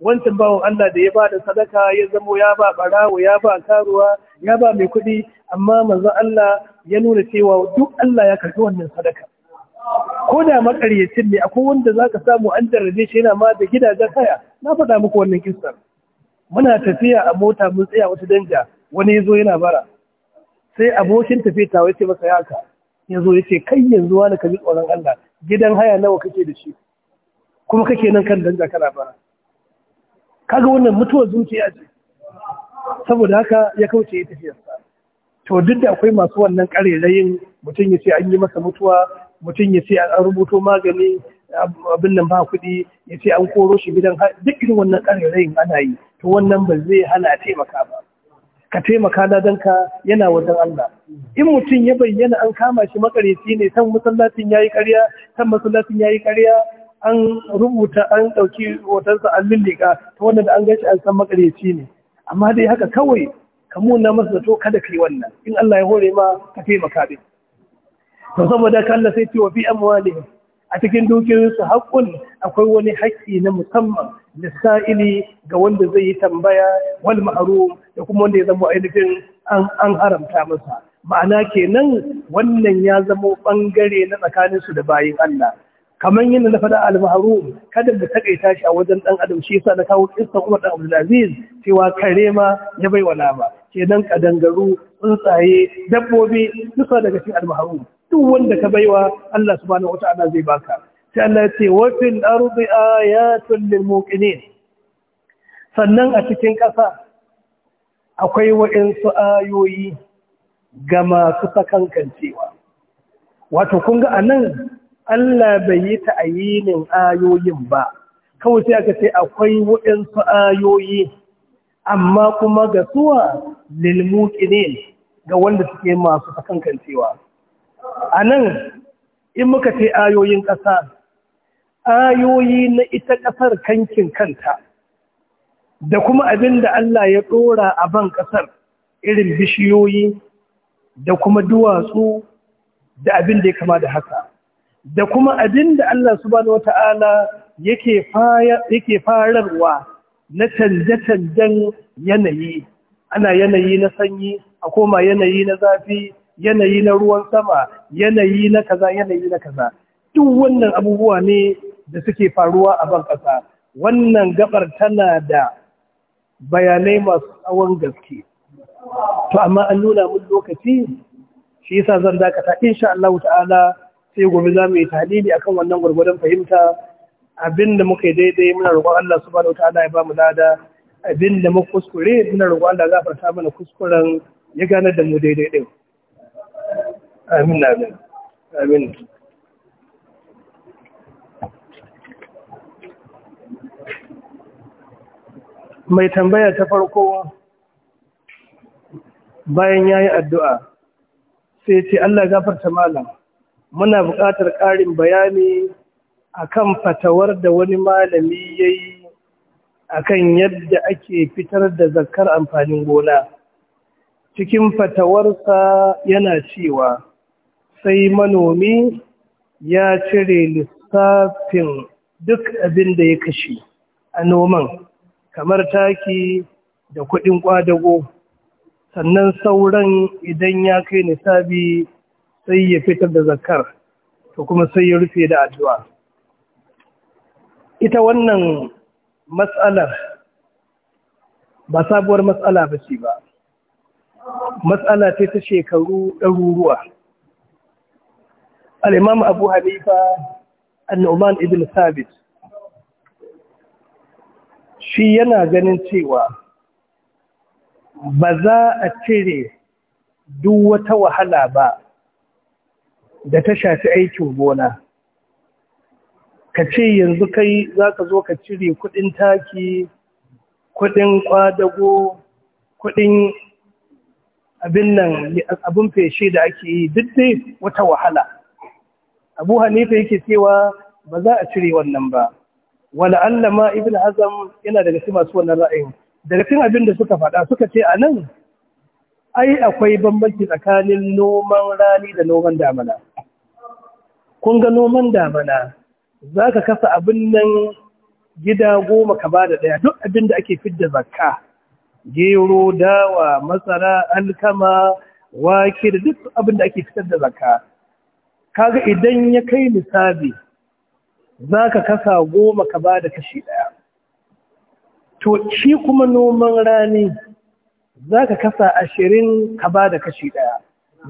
wancan bawan Allah da ya ba da sadaka ya zamo ya ba barawo ya ba karuwa ya ba mai kuɗi amma manzon Allah ya nuna cewa duk Allah ya karɓi wannan sadaka ko da makaryacin ne akwai wanda za ka samu an jarrabe shi yana ma da gidajen haya na faɗa muku wannan kissar muna tafiya a mota mun tsaya wata danja wani ya zo yana bara sai abokin tafi ta wace masa yaka ya zo ya ce kai yanzu wani ka ji tsoron Allah gidan haya nawa kake da shi kuma kake nan kan danja kana bara kaga wannan mutuwar zuciya ce saboda haka ya kauce ya tafiyarsa to duk da akwai masu wannan karerayin mutum ya ce an yi masa mutuwa mutum ya ce an rubuto magani abin nan ba kuɗi ya ce an koro shi gidan duk irin wannan karerayin ana yi to wannan ba zai hana taimaka ba ka taimaka na ka yana wajen Allah in mutum ya bayyana an kama shi makarici ne san masallacin yayi ƙarya san masallacin yayi ƙarya an rubuta an ɗauki hotonsa an lullika ta wanda da an gashi an san makarici ne amma dai haka kawai ka muna masa zato kada ka yi wannan in Allah ya hore ma ka taimaka din to saboda kalla sai ce wa fi amwalihim a cikin dukiyarsu haƙƙun akwai wani haƙƙi na musamman sa'ili ga wanda zai yi tambaya wal ma'aru da kuma wanda ya zama ainihin an haramta masa ma'ana kenan wannan ya zama ɓangare na tsakaninsu da bayan Allah kamar yadda na faɗa al-ma'aru kada mu takaita shi a wajen ɗan adam shi yasa na kawo kissan Umar da Abdulaziz, Aziz cewa kare ma ya bai wa lama kenan ƙadangaru, tsuntsaye dabbobi duka daga cikin al-ma'aru duk wanda ka baiwa Allah subhanahu wata'ala zai baka sai Allah ya ce wa fil ardi ayatun lil muqinin sannan a cikin ƙasa akwai waɗansu ayoyi ga masu sakankancewa wato kun ga anan Allah bai yi ta'ayinin ayoyin ba kawai sai aka ce akwai waɗansu ayoyi amma kuma ga suwa muqinin ga wanda suke masu sakankancewa a nan in muka ce ayoyin ƙasa ayoyi na ita ƙasar kankin kanta da kuma abin da Allah ya ɗora a ban ƙasar irin bishiyoyi da kuma duwatsu da abin da ya kama da haka da kuma abin da Allah subhanahu ta’ala yake fararwa na canje-canjen yanayi ana yanayi na sanyi a koma yanayi na zafi yanayi na ruwan sama yanayi na kaza yanayi na kaza duk wannan abubuwa ne da suke faruwa a ban ƙasa wannan gabar tana da bayanai masu tsawon gaske to amma an nuna mun lokaci shi yasa zan dakata insha Allah ta'ala sai gobe za mu yi tahlili akan wannan gurgurdan fahimta abinda muka yi daidai muna roƙon Allah subhanahu ta'ala ya ba mu lada da muka kuskure muna roƙon Allah ya gafarta mana kuskuren ya gane da mu daidai amin amin amin mai tambaya ta farko bayan ya yi addu'a sai ce Allah gafarta malam muna buƙatar ƙarin bayani akan fatawar da wani malami ya yi a kan yadda ake fitar da zakar amfanin gona cikin fatawarsa yana cewa sai manomi ya cire lissafin duk abin da ya kashe a noman kamar taki da kuɗin ƙwadago sannan sauran idan ya kai nisabi sai ya fitar da zakar to kuma sai ya rufe da addu'a ita wannan matsalar ba sabuwar matsala ba ce ba matsala ce ta shekaru ɗaruruwa الإمام أبو حنيفة النعمان ابن ثابت shi yana ganin cewa ba za a cire duk wata wahala ba da ta shafi aikin gona ka ce yanzu kai za ka zo ka cire kudin taki kudin kwadago kudin abin nan abin feshe da ake yi duk dai wata wahala abu hanifa yake cewa ba za a cire wannan ba wala allama ibn azam yana daga cikin masu wannan ra'ayin daga cikin abin da suka faɗa suka ce a nan ai akwai bambanci tsakanin noman rani da noman damana kun ga noman damana za ka kasa abin nan gida goma ka ba da ɗaya duk abin da ake fidda zakka gero dawa masara alkama wake da duk abin da ake fitar da zakka kaga idan ya kai misabi za ka kasa goma ka ba da kashi ɗaya to shi kuma noman rani za ka kasa ashirin ka ba da kashi ɗaya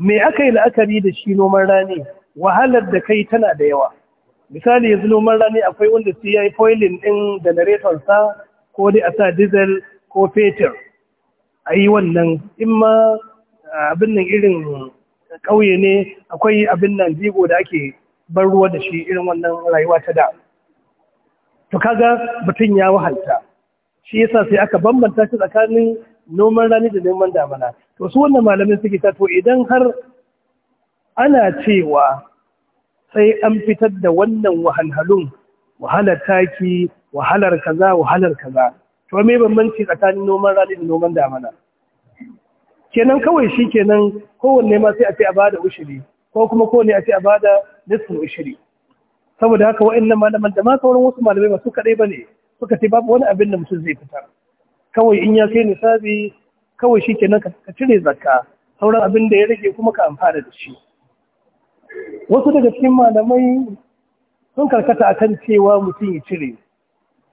me aka yi la'akari da shi noman rani wahalar da kai tana da yawa misali yanzu noman rani akwai wanda sai yayi yi foilin ɗin sa, ko dai a sa diesel ko fetur a yi wannan in ma abin nan irin ƙauye ne akwai abin nan zigo da ake ban ruwa da shi irin wannan rayuwa ta da to kaga mutum ya wahalta shi yasa sai aka bambanta shi tsakanin noman rani da noman damana to su wannan malamin suke ta to idan har ana cewa sai an fitar da wannan wahalhalun wahalar taki wahalar kaza wahalar kaza to me bambanci tsakanin noman rani da noman damana kenan kawai shi kenan kowanne ma sai a ce a bada ushiri ko kuma kowanne a ce a bada nisfin ushiri saboda haka wa'annan malaman da ma sauran wasu malamai ba kaɗai ba ne suka ce babu wani abin da mutum zai fita. kawai in ya kai nisabi kawai shi kenan ka cire zakka sauran abin da ya rage kuma ka amfana da shi wasu daga cikin malamai sun karkata a kan cewa mutum ya cire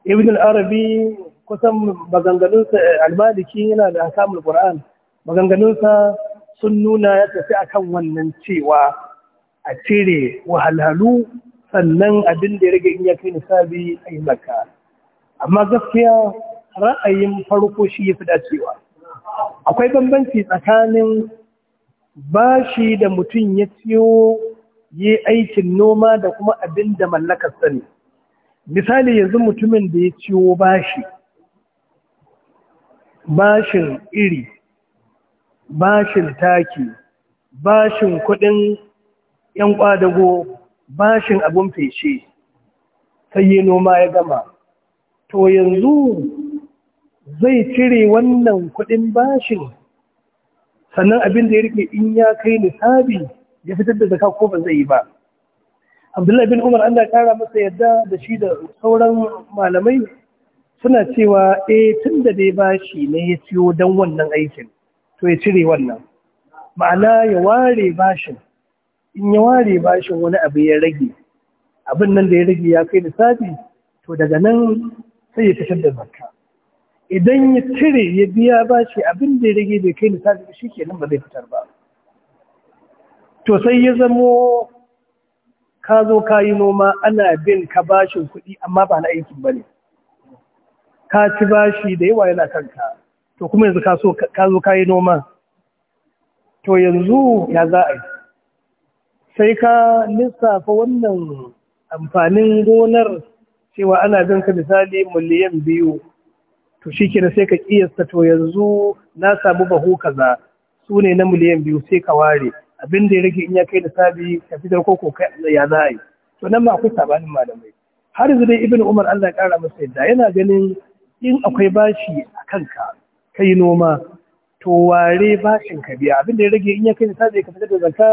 ibn al-arabi kusan maganganunsa eh, almaliki, yana da hakamul qur'an maganganunsa sun nuna ya tafi akan wannan cewa a cire wahalhalu sannan abin da ya rage in ya kai nisabi a yi maka amma gaskiya ra'ayin farko shi ya fi dacewa akwai bambanci tsakanin bashi da mutum ya ciyo yi aikin noma da kuma abin da mallakar sani misali yanzu mutumin da ya ciwo bashi bashin iri bashin taki bashin kuɗin 'yan ƙwadago bashin abin feshe sai yi noma ya gama to yanzu zai cire wannan kuɗin bashin sannan abin da ya rike in ya kai nisabi ya fitar da zaka ko ba zai yi ba abdullahi bin umar an da kara masa yadda da shi da sauran malamai suna cewa eh tun da dai bashi ne ya ciyo don wannan aikin to ya cire wannan ma'ana ya ware bashin in ya ware bashin wani abu ya rage abin nan da ya rage ya kai lissafi to daga nan sai ya fitar da zakka idan ya cire ya biya bashi abin da ya rage bai kai lissafi shi nan ba zai fitar ba to sai ya zamo ka zo ka yi noma ana bin ka bashin kuɗi amma ba na aikin ba ne ka ci bashi da yawa yana kanka to kuma yanzu ka zo ka yi noma to yanzu ya za a yi sai ka lissafa wannan amfanin gonar cewa ana jin ka misali miliyan biyu to shi kenan sai ka kiyasta to yanzu na samu baho kaza su ne na miliyan biyu sai ka ware abin da ya rage in ya kai sabi ka fitar ko ko ya za a yi to nan ma akwai sabanin malamai har yanzu dai ibn umar allah ya kara masa yadda yana ganin in akwai bashi a kanka kai noma to ware bashin ka biya abin da ya rage in ya kai nisabi ka fita da zanka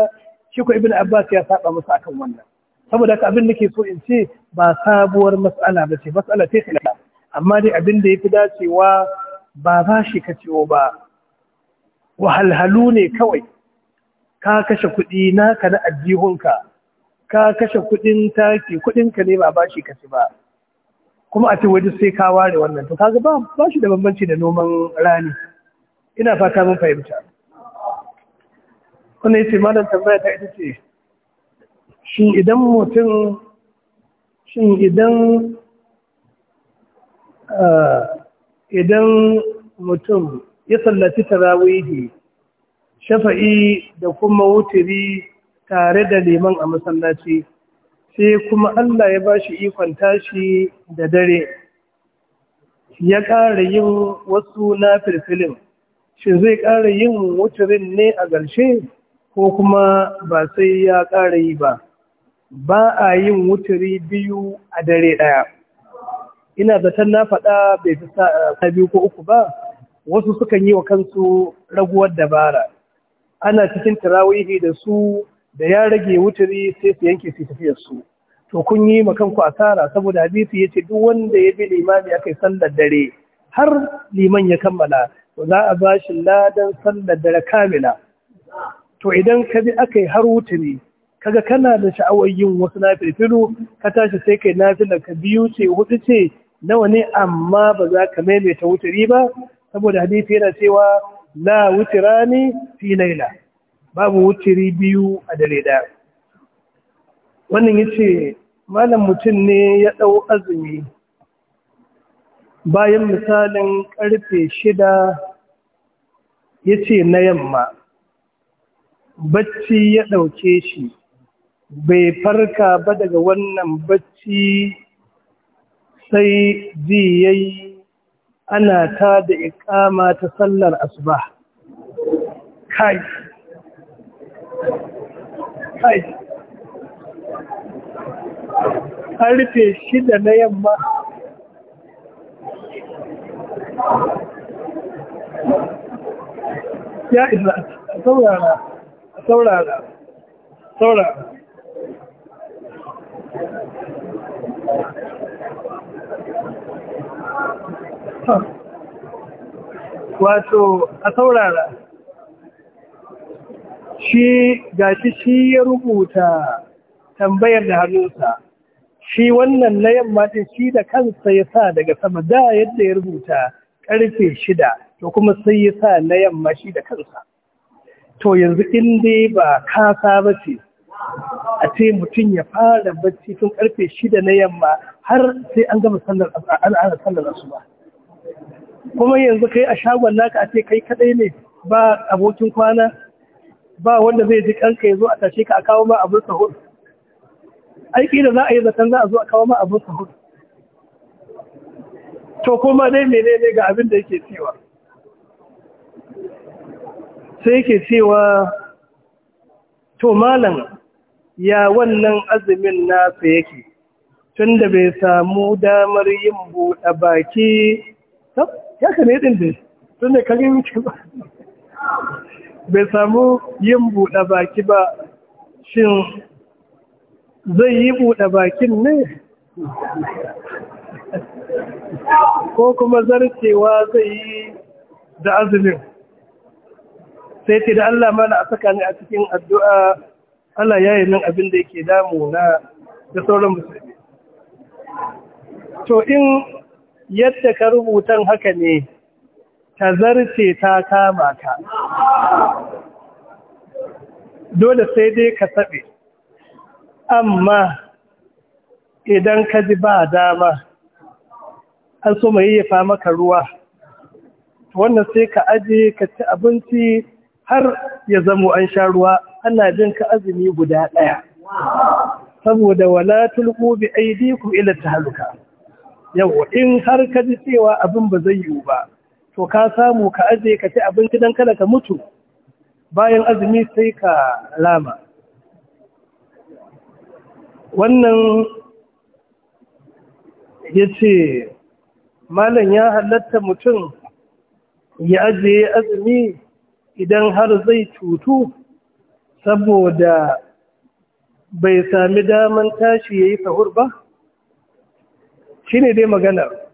shi ko ibnu abbas ya saba musu akan wannan saboda haka abin da ke so in ce ba sabuwar matsala ba ce mas'ala ce khilaf amma dai abin da yafi dacewa ba bashi ka ciwo ba wahalhalu ne kawai ka kashe kuɗi naka na addihunka ka kashe kuɗin taki kuɗinka ne ba bashi ka ci ba kuma a ce waje sai ka ware wannan to kaga ba ba shi da bambanci da noman rani ina fata mun fahimta kuma yace malam tambaya ta ita ce shin idan mutum shin idan eh, idan mutum ya sallaci tarawihi shafa'i da kuma wutiri tare da liman a masallaci sai kuma Allah ya ba shi ikon tashi da dare ya ƙara yin wasu na filfilin shi zai ƙara yin wuturin ne a ƙarshe ko kuma ba sai ya ƙara yi ba ba a yin wuturi biyu a dare ɗaya ina zaton na faɗa bai fi sa biyu ko uku ba wasu sukan yi wa kansu raguwar dabara ana cikin tarawihi da su da ya rage wuturi sai su yanke su tafiyar su to kun yi ma kanku asara saboda hadisi yace duk wanda ya bi limami akai sallar dare har liman ya kammala to za a ba shi ladan sallar dare kamila to idan ka bi akai har wuturi kaga kana da sha'awar yin wasu nafilfilu ka tashi sai kai nafila ka biyu ce hudu ce nawa ne amma ba za ka maimaita wuturi ba saboda hadisi yana cewa la wutirani fi laila babu wuturi biyu a dare ɗaya wannan ya ce malam mutum ne ya ɗau azumi bayan misalin ƙarfe shida ya ce na yamma bacci ya ɗauke shi bai farka ba daga wannan bacci sai ji ya yi ana ta da ikama ta sallar asuba kai karfe shida na yamma ya isa a saurara a saurara saurara wato a saurara shi ga shi ya rubuta tambayar da hannunsa shi wannan na yamma ce shi da kansa ya sa daga sama da yadda ya rubuta karfe shida to kuma sai ya sa na yamma shi da kansa to yanzu in dai ba kasa ba ce a ce mutum ya fara bacci tun karfe shida na yamma har sai an gama sallar asuba kuma yanzu kai a shagon naka a ce kai kaɗai ne ba abokin kwana ba wanda zai ji kanka ya zo a tashe ka a kawo ma abin sahur aiki da za a yi zaton za a zo a kawo ma abin sahur to kuma dai menene ga abin da yake cewa sai yake cewa to malam ya wannan azumin nasa yake tun da bai samu damar yin buɗe baki ya kame ɗin tun da kalin ba bai samu yin buɗe baki ba shin zai yi buɗe bakin ne ko kuma zarcewa zai yi da azumin sai ce da Allah mana a saka ni a cikin addu'a Allah ya yi min abin da yake damu na da sauran musulmi to in yadda ka rubutan haka ne ta zarce ta kama ka dole sai dai ka saɓe amma idan ka ji ba dama an so mai yayyafa maka ruwa wannan sai ka aje ka ci abinci har ya zamo an sha ruwa ana jin ka azumi guda ɗaya saboda wala tulku bi ku ila haluka. yau in har ka ji cewa abin ba zai yiwu ba to ka samu ka aje ka ci abinci don kada ka mutu bayan azumi sai ka lama wannan ya ce malam ya halatta mutum ya ajiye azumi idan har zai cutu saboda bai sami daman tashi ya yi sahur ba shi ne dai maganar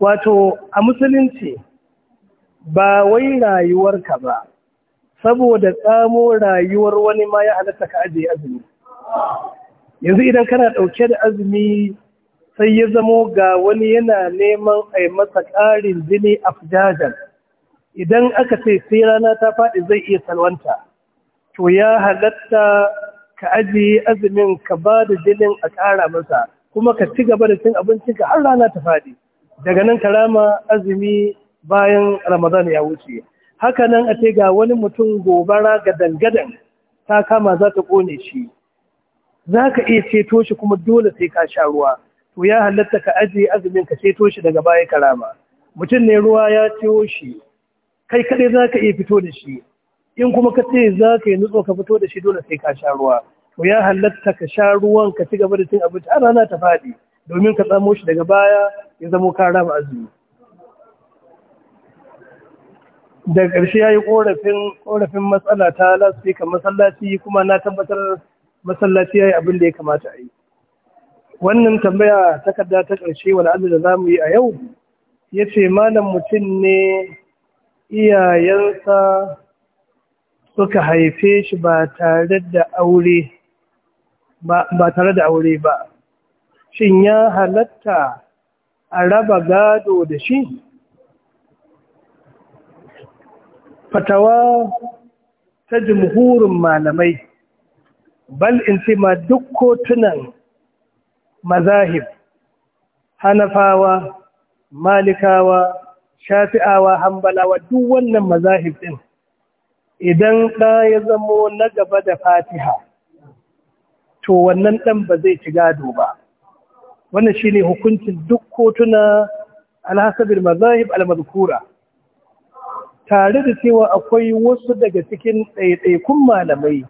wato a musulunci ba wai rayuwarka ba saboda tsamo rayuwar wani ma ya halatta ka ajiye azumi yanzu idan kana ɗauke da azumi sai ya zamo ga wani yana neman a yi masa ƙarin jini a fujajen idan aka ce sai rana ta faɗi zai iya salwanta to ya halatta ka ajiye azumin ka ba da jinin a ƙara masa kuma ka ci gaba da cin abincinka har rana ta faɗi daga nan karama azumi bayan ramadan ya wuce haka nan a ce ga wani mutum gobara ga dangadan ta kama za ta kone shi za ka iya ceto shi kuma dole sai ka sha ruwa to ya halatta ka ajiye azumin ka ceto shi daga bayan karama mutum ne ruwa ya ciwo shi kai kaɗai za ka iya fito da shi in kuma ka ce za ka yi nutso ka fito da shi dole sai ka sha ruwa to ya halatta ka sha ruwan ka ci gaba da cin abinci a rana ta faɗi domin ka tsamo shi daga baya ya zamo kara ba azumi daga ƙarshe ya yi ƙorafin matsala ta lasfika masallaci kuma na tabbatar masallaci ya yi abin da ya kamata a yi wannan tambaya takarda ta ƙarshe wani abin da za mu yi a yau ya ce malam mutum ne iyayensa suka haife shi ba tare da aure ba shin ya halatta a raba gado da shi fatawa ta jimhurin malamai bal in ce ma duk kotunan mazahib hanafawa malikawa shafi'awa hambalawa duk wannan mazahib ɗin idan ɗa ya zamo na gaba da fatiha to wannan ɗan ba zai ci gado ba wannan shi ne hukuncin duk kotuna alhasabir mazahib almadhkura tare da cewa akwai wasu daga cikin ɗaiɗaikun malamai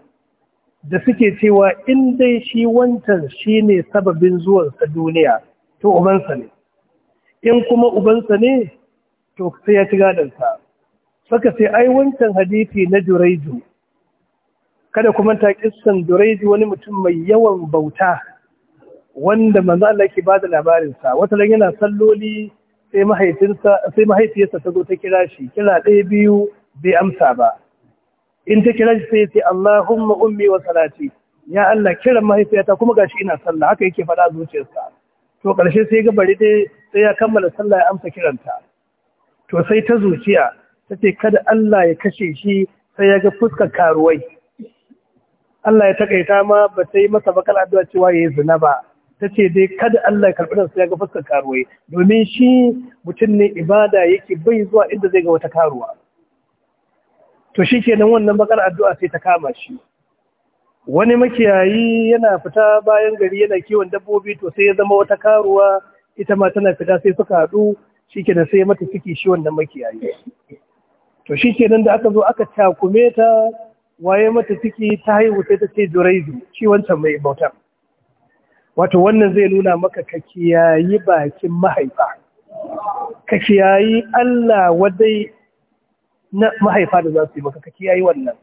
da suke cewa in dai shi wancan ne sababin zuwansa duniya to ubansa ne in kuma ubansa ne to sai ya ci gadansa saka sai ai wancan hadisi na Juraiju kada kuma ta kissan Juraiju wani mutum mai yawan bauta wanda manzo Allah yake bada labarin sa wata ran yana salloli sai mahaifinsa sai mahaifiyarsa ta zo ta kira shi kira ɗaya biyu bai amsa ba in ta kira shi sai ya ce Allahumma ummi wa salati ya Allah kiran mahaifiyata kuma gashi ina sallah haka yake faɗa zuciyarsa to ƙarshe sai ga bari dai sai ya kammala sallah ya amsa kiranta to sai ta zuciya ta ce kada Allah ya kashe shi sai ya ga fuskar karuwai Allah ya takaita ma ba ta yi masa bakar addu'a cewa ya yi zina ba ta ce dai kada Allah ya karɓi nan ya ga fuskar karuwai domin shi mutum ne ibada yake bai zuwa inda zai ga wata karuwa to shi kenan wannan bakar addu'a sai ta kama shi wani makiyayi yana fita bayan gari yana kiwon dabbobi to sai ya zama wata karuwa ita ma tana fita sai suka haɗu shi kenan sai mata ciki shi wannan makiyayi to shi kenan da aka zo aka cakume ta waye mata ciki ta haihu sai ta ce juraizu shi wancan mai bautan wato wannan zai nuna maka ka kiyayi bakin mahaifa ka kiyayi Allah wadai na mahaifa da za su yi maka ka kiyayi wannan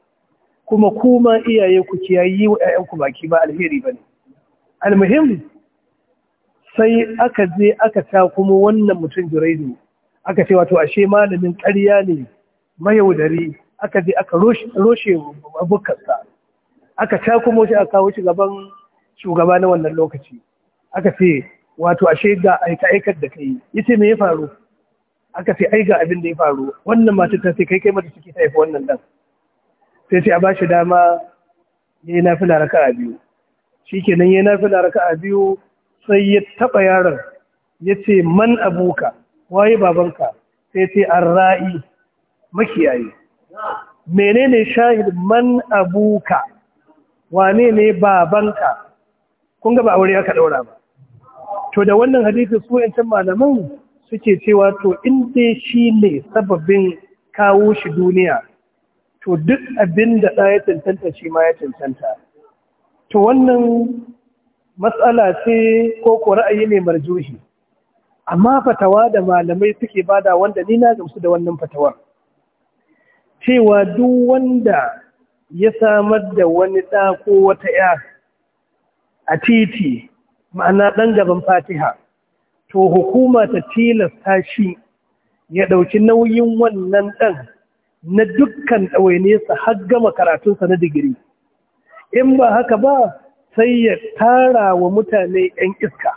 kuma kuma iyaye ku kiyayi wa 'ya'yanku baki ba alheri bane almuhim sai aka je aka ta kuma wannan mutum jiraidu aka ce wato ashe malamin ƙarya ne mayaudari aka je aka roshe abokansa aka ta kuma shi aka kawo shi gaban shugaba na wannan lokaci aka ce wato ashe ga aika aikar da kai yace me ya faru aka ce ai ga abin da ya faru wannan matar ta ce kai kai mata ciki ta wannan dan sai ce a ba shi dama yayi nafila raka'a biyu shikenan yayi nafila raka'a biyu sai ya taba yaron yace man abuka waye babanka sai ce arra'i makiyayi menene shahid man abuka wane ne babanka kun ga ba aure aka ɗaura ba to da wannan hadisi su yancan malaman suke cewa to in dai shi ne sababin kawo shi duniya to duk abin da ya cancanta shi ma ya cancanta to wannan matsala ce ko ko ra'ayi ne marjuhi amma fatawa da malamai suke bada wanda ni na gamsu da wannan fatawar cewa duk wanda ya samar da wani ɗa ko wata 'ya a titi ma'ana ɗan gaban fatiha to hukuma ta tilasta shi ya ɗauki nauyin wannan ɗan na dukkan ɗawainesa har gama karatunsa na digiri in ba haka ba sai ya tara wa mutane 'yan iska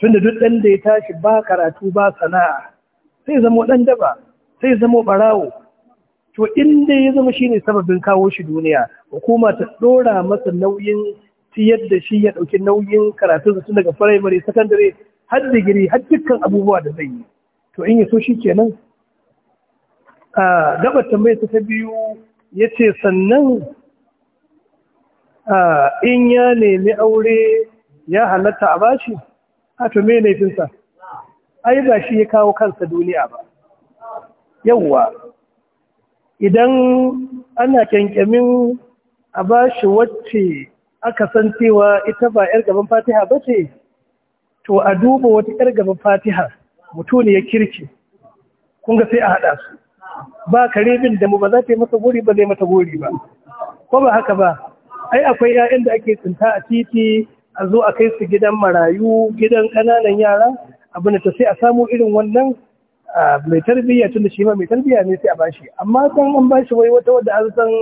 tunda duk ɗan da ya tashi ba karatu ba sana'a sai zama ɗan daba sai zama ɓarawo to inda ya zama shine sababin kawo shi duniya hukuma ta ɗora masa nauyin ciyar da shi ya ɗauki nauyin karatun su daga firamare sakandare har digiri har dukkan abubuwa da zai yi to in yi so shi kenan a gabar tambayar ta biyu ya ce sannan in ya nemi aure ya halatta a bashi a to me sa ai ba shi ya kawo kansa duniya ba yawwa idan ana kyankyamin a bashi wacce aka san cewa ita ba 'yar gaban fatiha ba ce to a duba wata 'yar gaban fatiha mutum ya kirki kun ga sai a haɗa su ba kare bin da mu ba za ta yi masa gori ba zai mata gori ba ko ba haka ba ai akwai 'ya'yan da ake tsinta a titi a zo a kai su gidan marayu gidan ƙananan yara abin da ta sai a samu irin wannan mai tarbiyya tun da shi ma mai tarbiyya ne sai a bashi amma kan an bashi wai wata wadda an san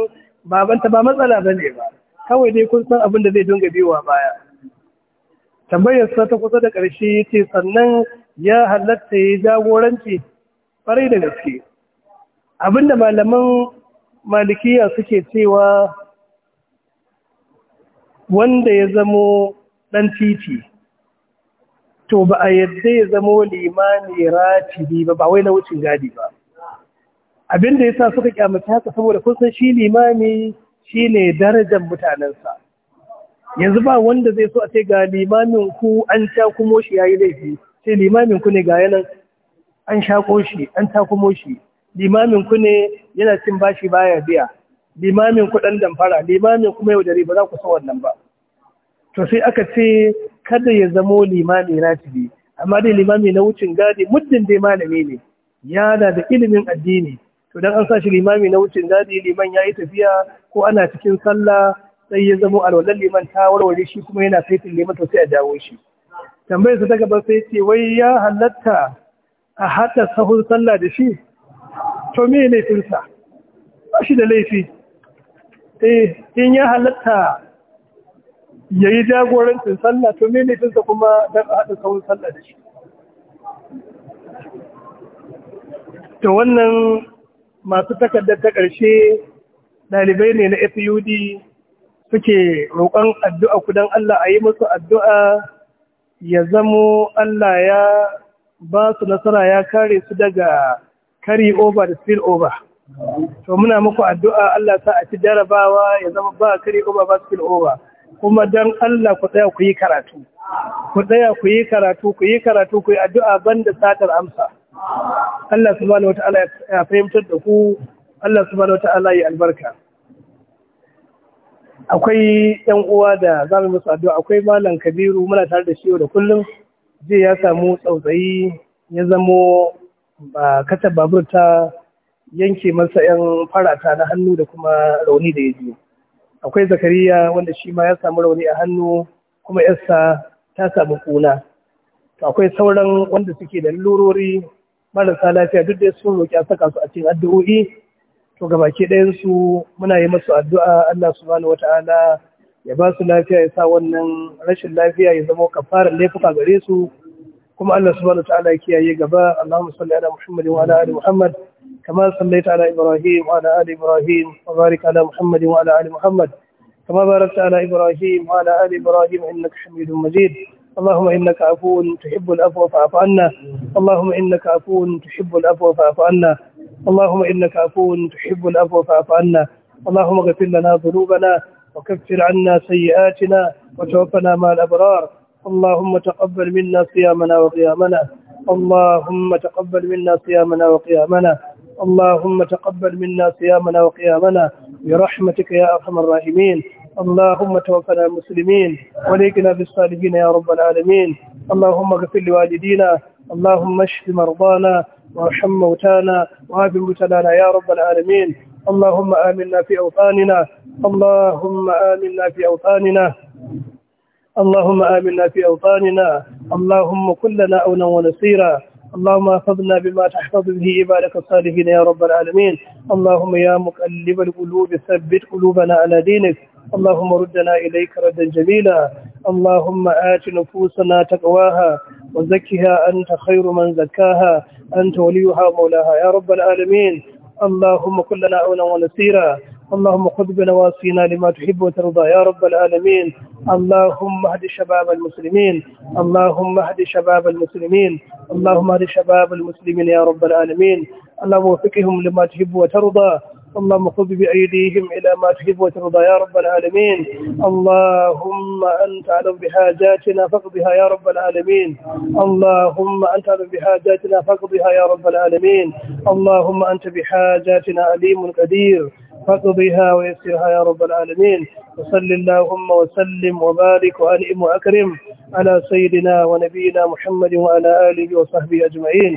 babanta ba matsala ba ne ba kawai dai kun san abin da zai dinga biyowa baya tambayar sa ta kusa da ƙarshe ya ce sannan ya halatta ya jagoranci farai da gaske abinda malaman malikiya suke cewa wanda ya zamo ɗan titi to ba a yadda ya zamo limani ratibi ba ba wai na wucin gadi ba Abin da ya sa suka kyamata haka saboda kun san shi limami Shi ne darajar mutanensa yanzu ba wanda zai so a ce ga limamin ku an sha kuma shi yi laifi sai limamin ku ne ga yanan an shako shi an ta kuma shi limamin ku ne yana cin bashi baya biya limamin ku dan damfara limamin kuma yau dare ba za ku so wannan ba to sai aka ce kada ya zamo limami ratibi amma dai limami na wucin gadi muddin dai malami ne yana da ilimin addini to dan an sa shi limami na wucin gadi liman yayi tafiya ko ana cikin sallah sai ya zamo alwalan liman ta warware shi kuma yana saitin liman to sai a dawo shi tambayar sa ta gaba sai ce wai ya halatta a hada sahun sallah da shi to me laifinsa ba shi da laifi eh in ya halatta ya yi jagorancin sallah to ne sa kuma dan a haɗa sahun sallah da shi to wannan masu takardar ta ƙarshe ɗalibai ne na FUD suke roƙon addu'a kudan Allah a yi musu addu'a ya zamo Allah ya ba su nasara ya kare su daga carry over da spill over. To muna muku addu'a Allah sa a ci jarabawa ya zama ba carry over ba spill over. Kuma don Allah ku tsaya ku yi karatu. Ku tsaya ku yi karatu, ku yi karatu, ku yi addu'a banda satar amsa. Allah subhanahu wata'ala ya fahimtar da ku Allah subhanahu wata'ala ya albarka akwai yan uwa da za mu musu addu'a akwai malam kabiru muna tare da shi da kullum zai ya samu tsautsayi ya zamo ba kata babur ta yanke masa yan farata na hannu da kuma rauni da ya ji akwai zakariya wanda shi ma ya samu rauni a hannu kuma yarsa ta samu kuna akwai sauran wanda suke da lurori marasa lafiya duk da sun roƙi a saka su a cikin addu'o'i to ga baki ɗayan su muna yi masu addu'a Allah subhanahu wata'ala ya ba su lafiya ya sa wannan rashin lafiya ya zama kafarar laifuka gare su kuma Allah subhanahu wata'ala ya kiyaye gaba Allahumma salli ala Muhammad wa ala ali Muhammad kama sallaita ala Ibrahim wa ala ali Ibrahim wa barik ala Muhammad wa ala ali Muhammad Kama كما ala Ibrahim إبراهيم وعلى آل إبراهيم إنك حميد مجيد اللهم إنك عفو تحب العفو فاعف عنا اللهم إنك عفو تحب العفو فاعف عنا اللهم إنك عفو تحب العفو فاعف عنا اللهم اغفر لنا ذنوبنا وكفر عنا سيئاتنا وتوفنا مع الأبرار اللهم تقبل منا صيامنا وقيامنا اللهم تقبل منا صيامنا وقيامنا اللهم تقبل منا صيامنا وقيامنا برحمتك يا أرحم الراحمين اللهم توفنا المسلمين وليكنا بالصالحين يا رب العالمين اللهم اغفر لوالدينا اللهم اشف مرضانا وارحم موتانا وعاف مبتلانا يا رب العالمين اللهم آمنا في أوطاننا اللهم آمنا في أوطاننا اللهم آمنا في أوطاننا اللهم كلنا أونا ونصيرا اللهم احفظنا بما تحفظ به عبادك الصالحين يا رب العالمين اللهم يا مقلب القلوب ثبت قلوبنا على دينك اللهم ردنا إليك ردا جميلا اللهم آت نفوسنا تقواها وزكها أنت خير من زكاها أنت وليها مولاها يا رب العالمين اللهم كن لنا عونا ونسيرا اللهم خذ بنواصينا لما تحب وترضى يا رب العالمين اللهم اهد شباب المسلمين اللهم اهد شباب المسلمين اللهم اهد شباب المسلمين يا رب العالمين اللهم وفقهم لما تحب وترضى اللهم خذ بأيديهم إلى ما تحب وترضى يا رب العالمين اللهم أنت أعلم بحاجاتنا فاقضها يا رب العالمين اللهم أنت أعلم بحاجاتنا فاقضها يا رب العالمين اللهم أنت بحاجاتنا عليم قدير فاقضها ويسرها يا رب العالمين وصل اللهم وسلم وبارك وانعم واكرم على سيدنا ونبينا محمد وعلى اله وصحبه اجمعين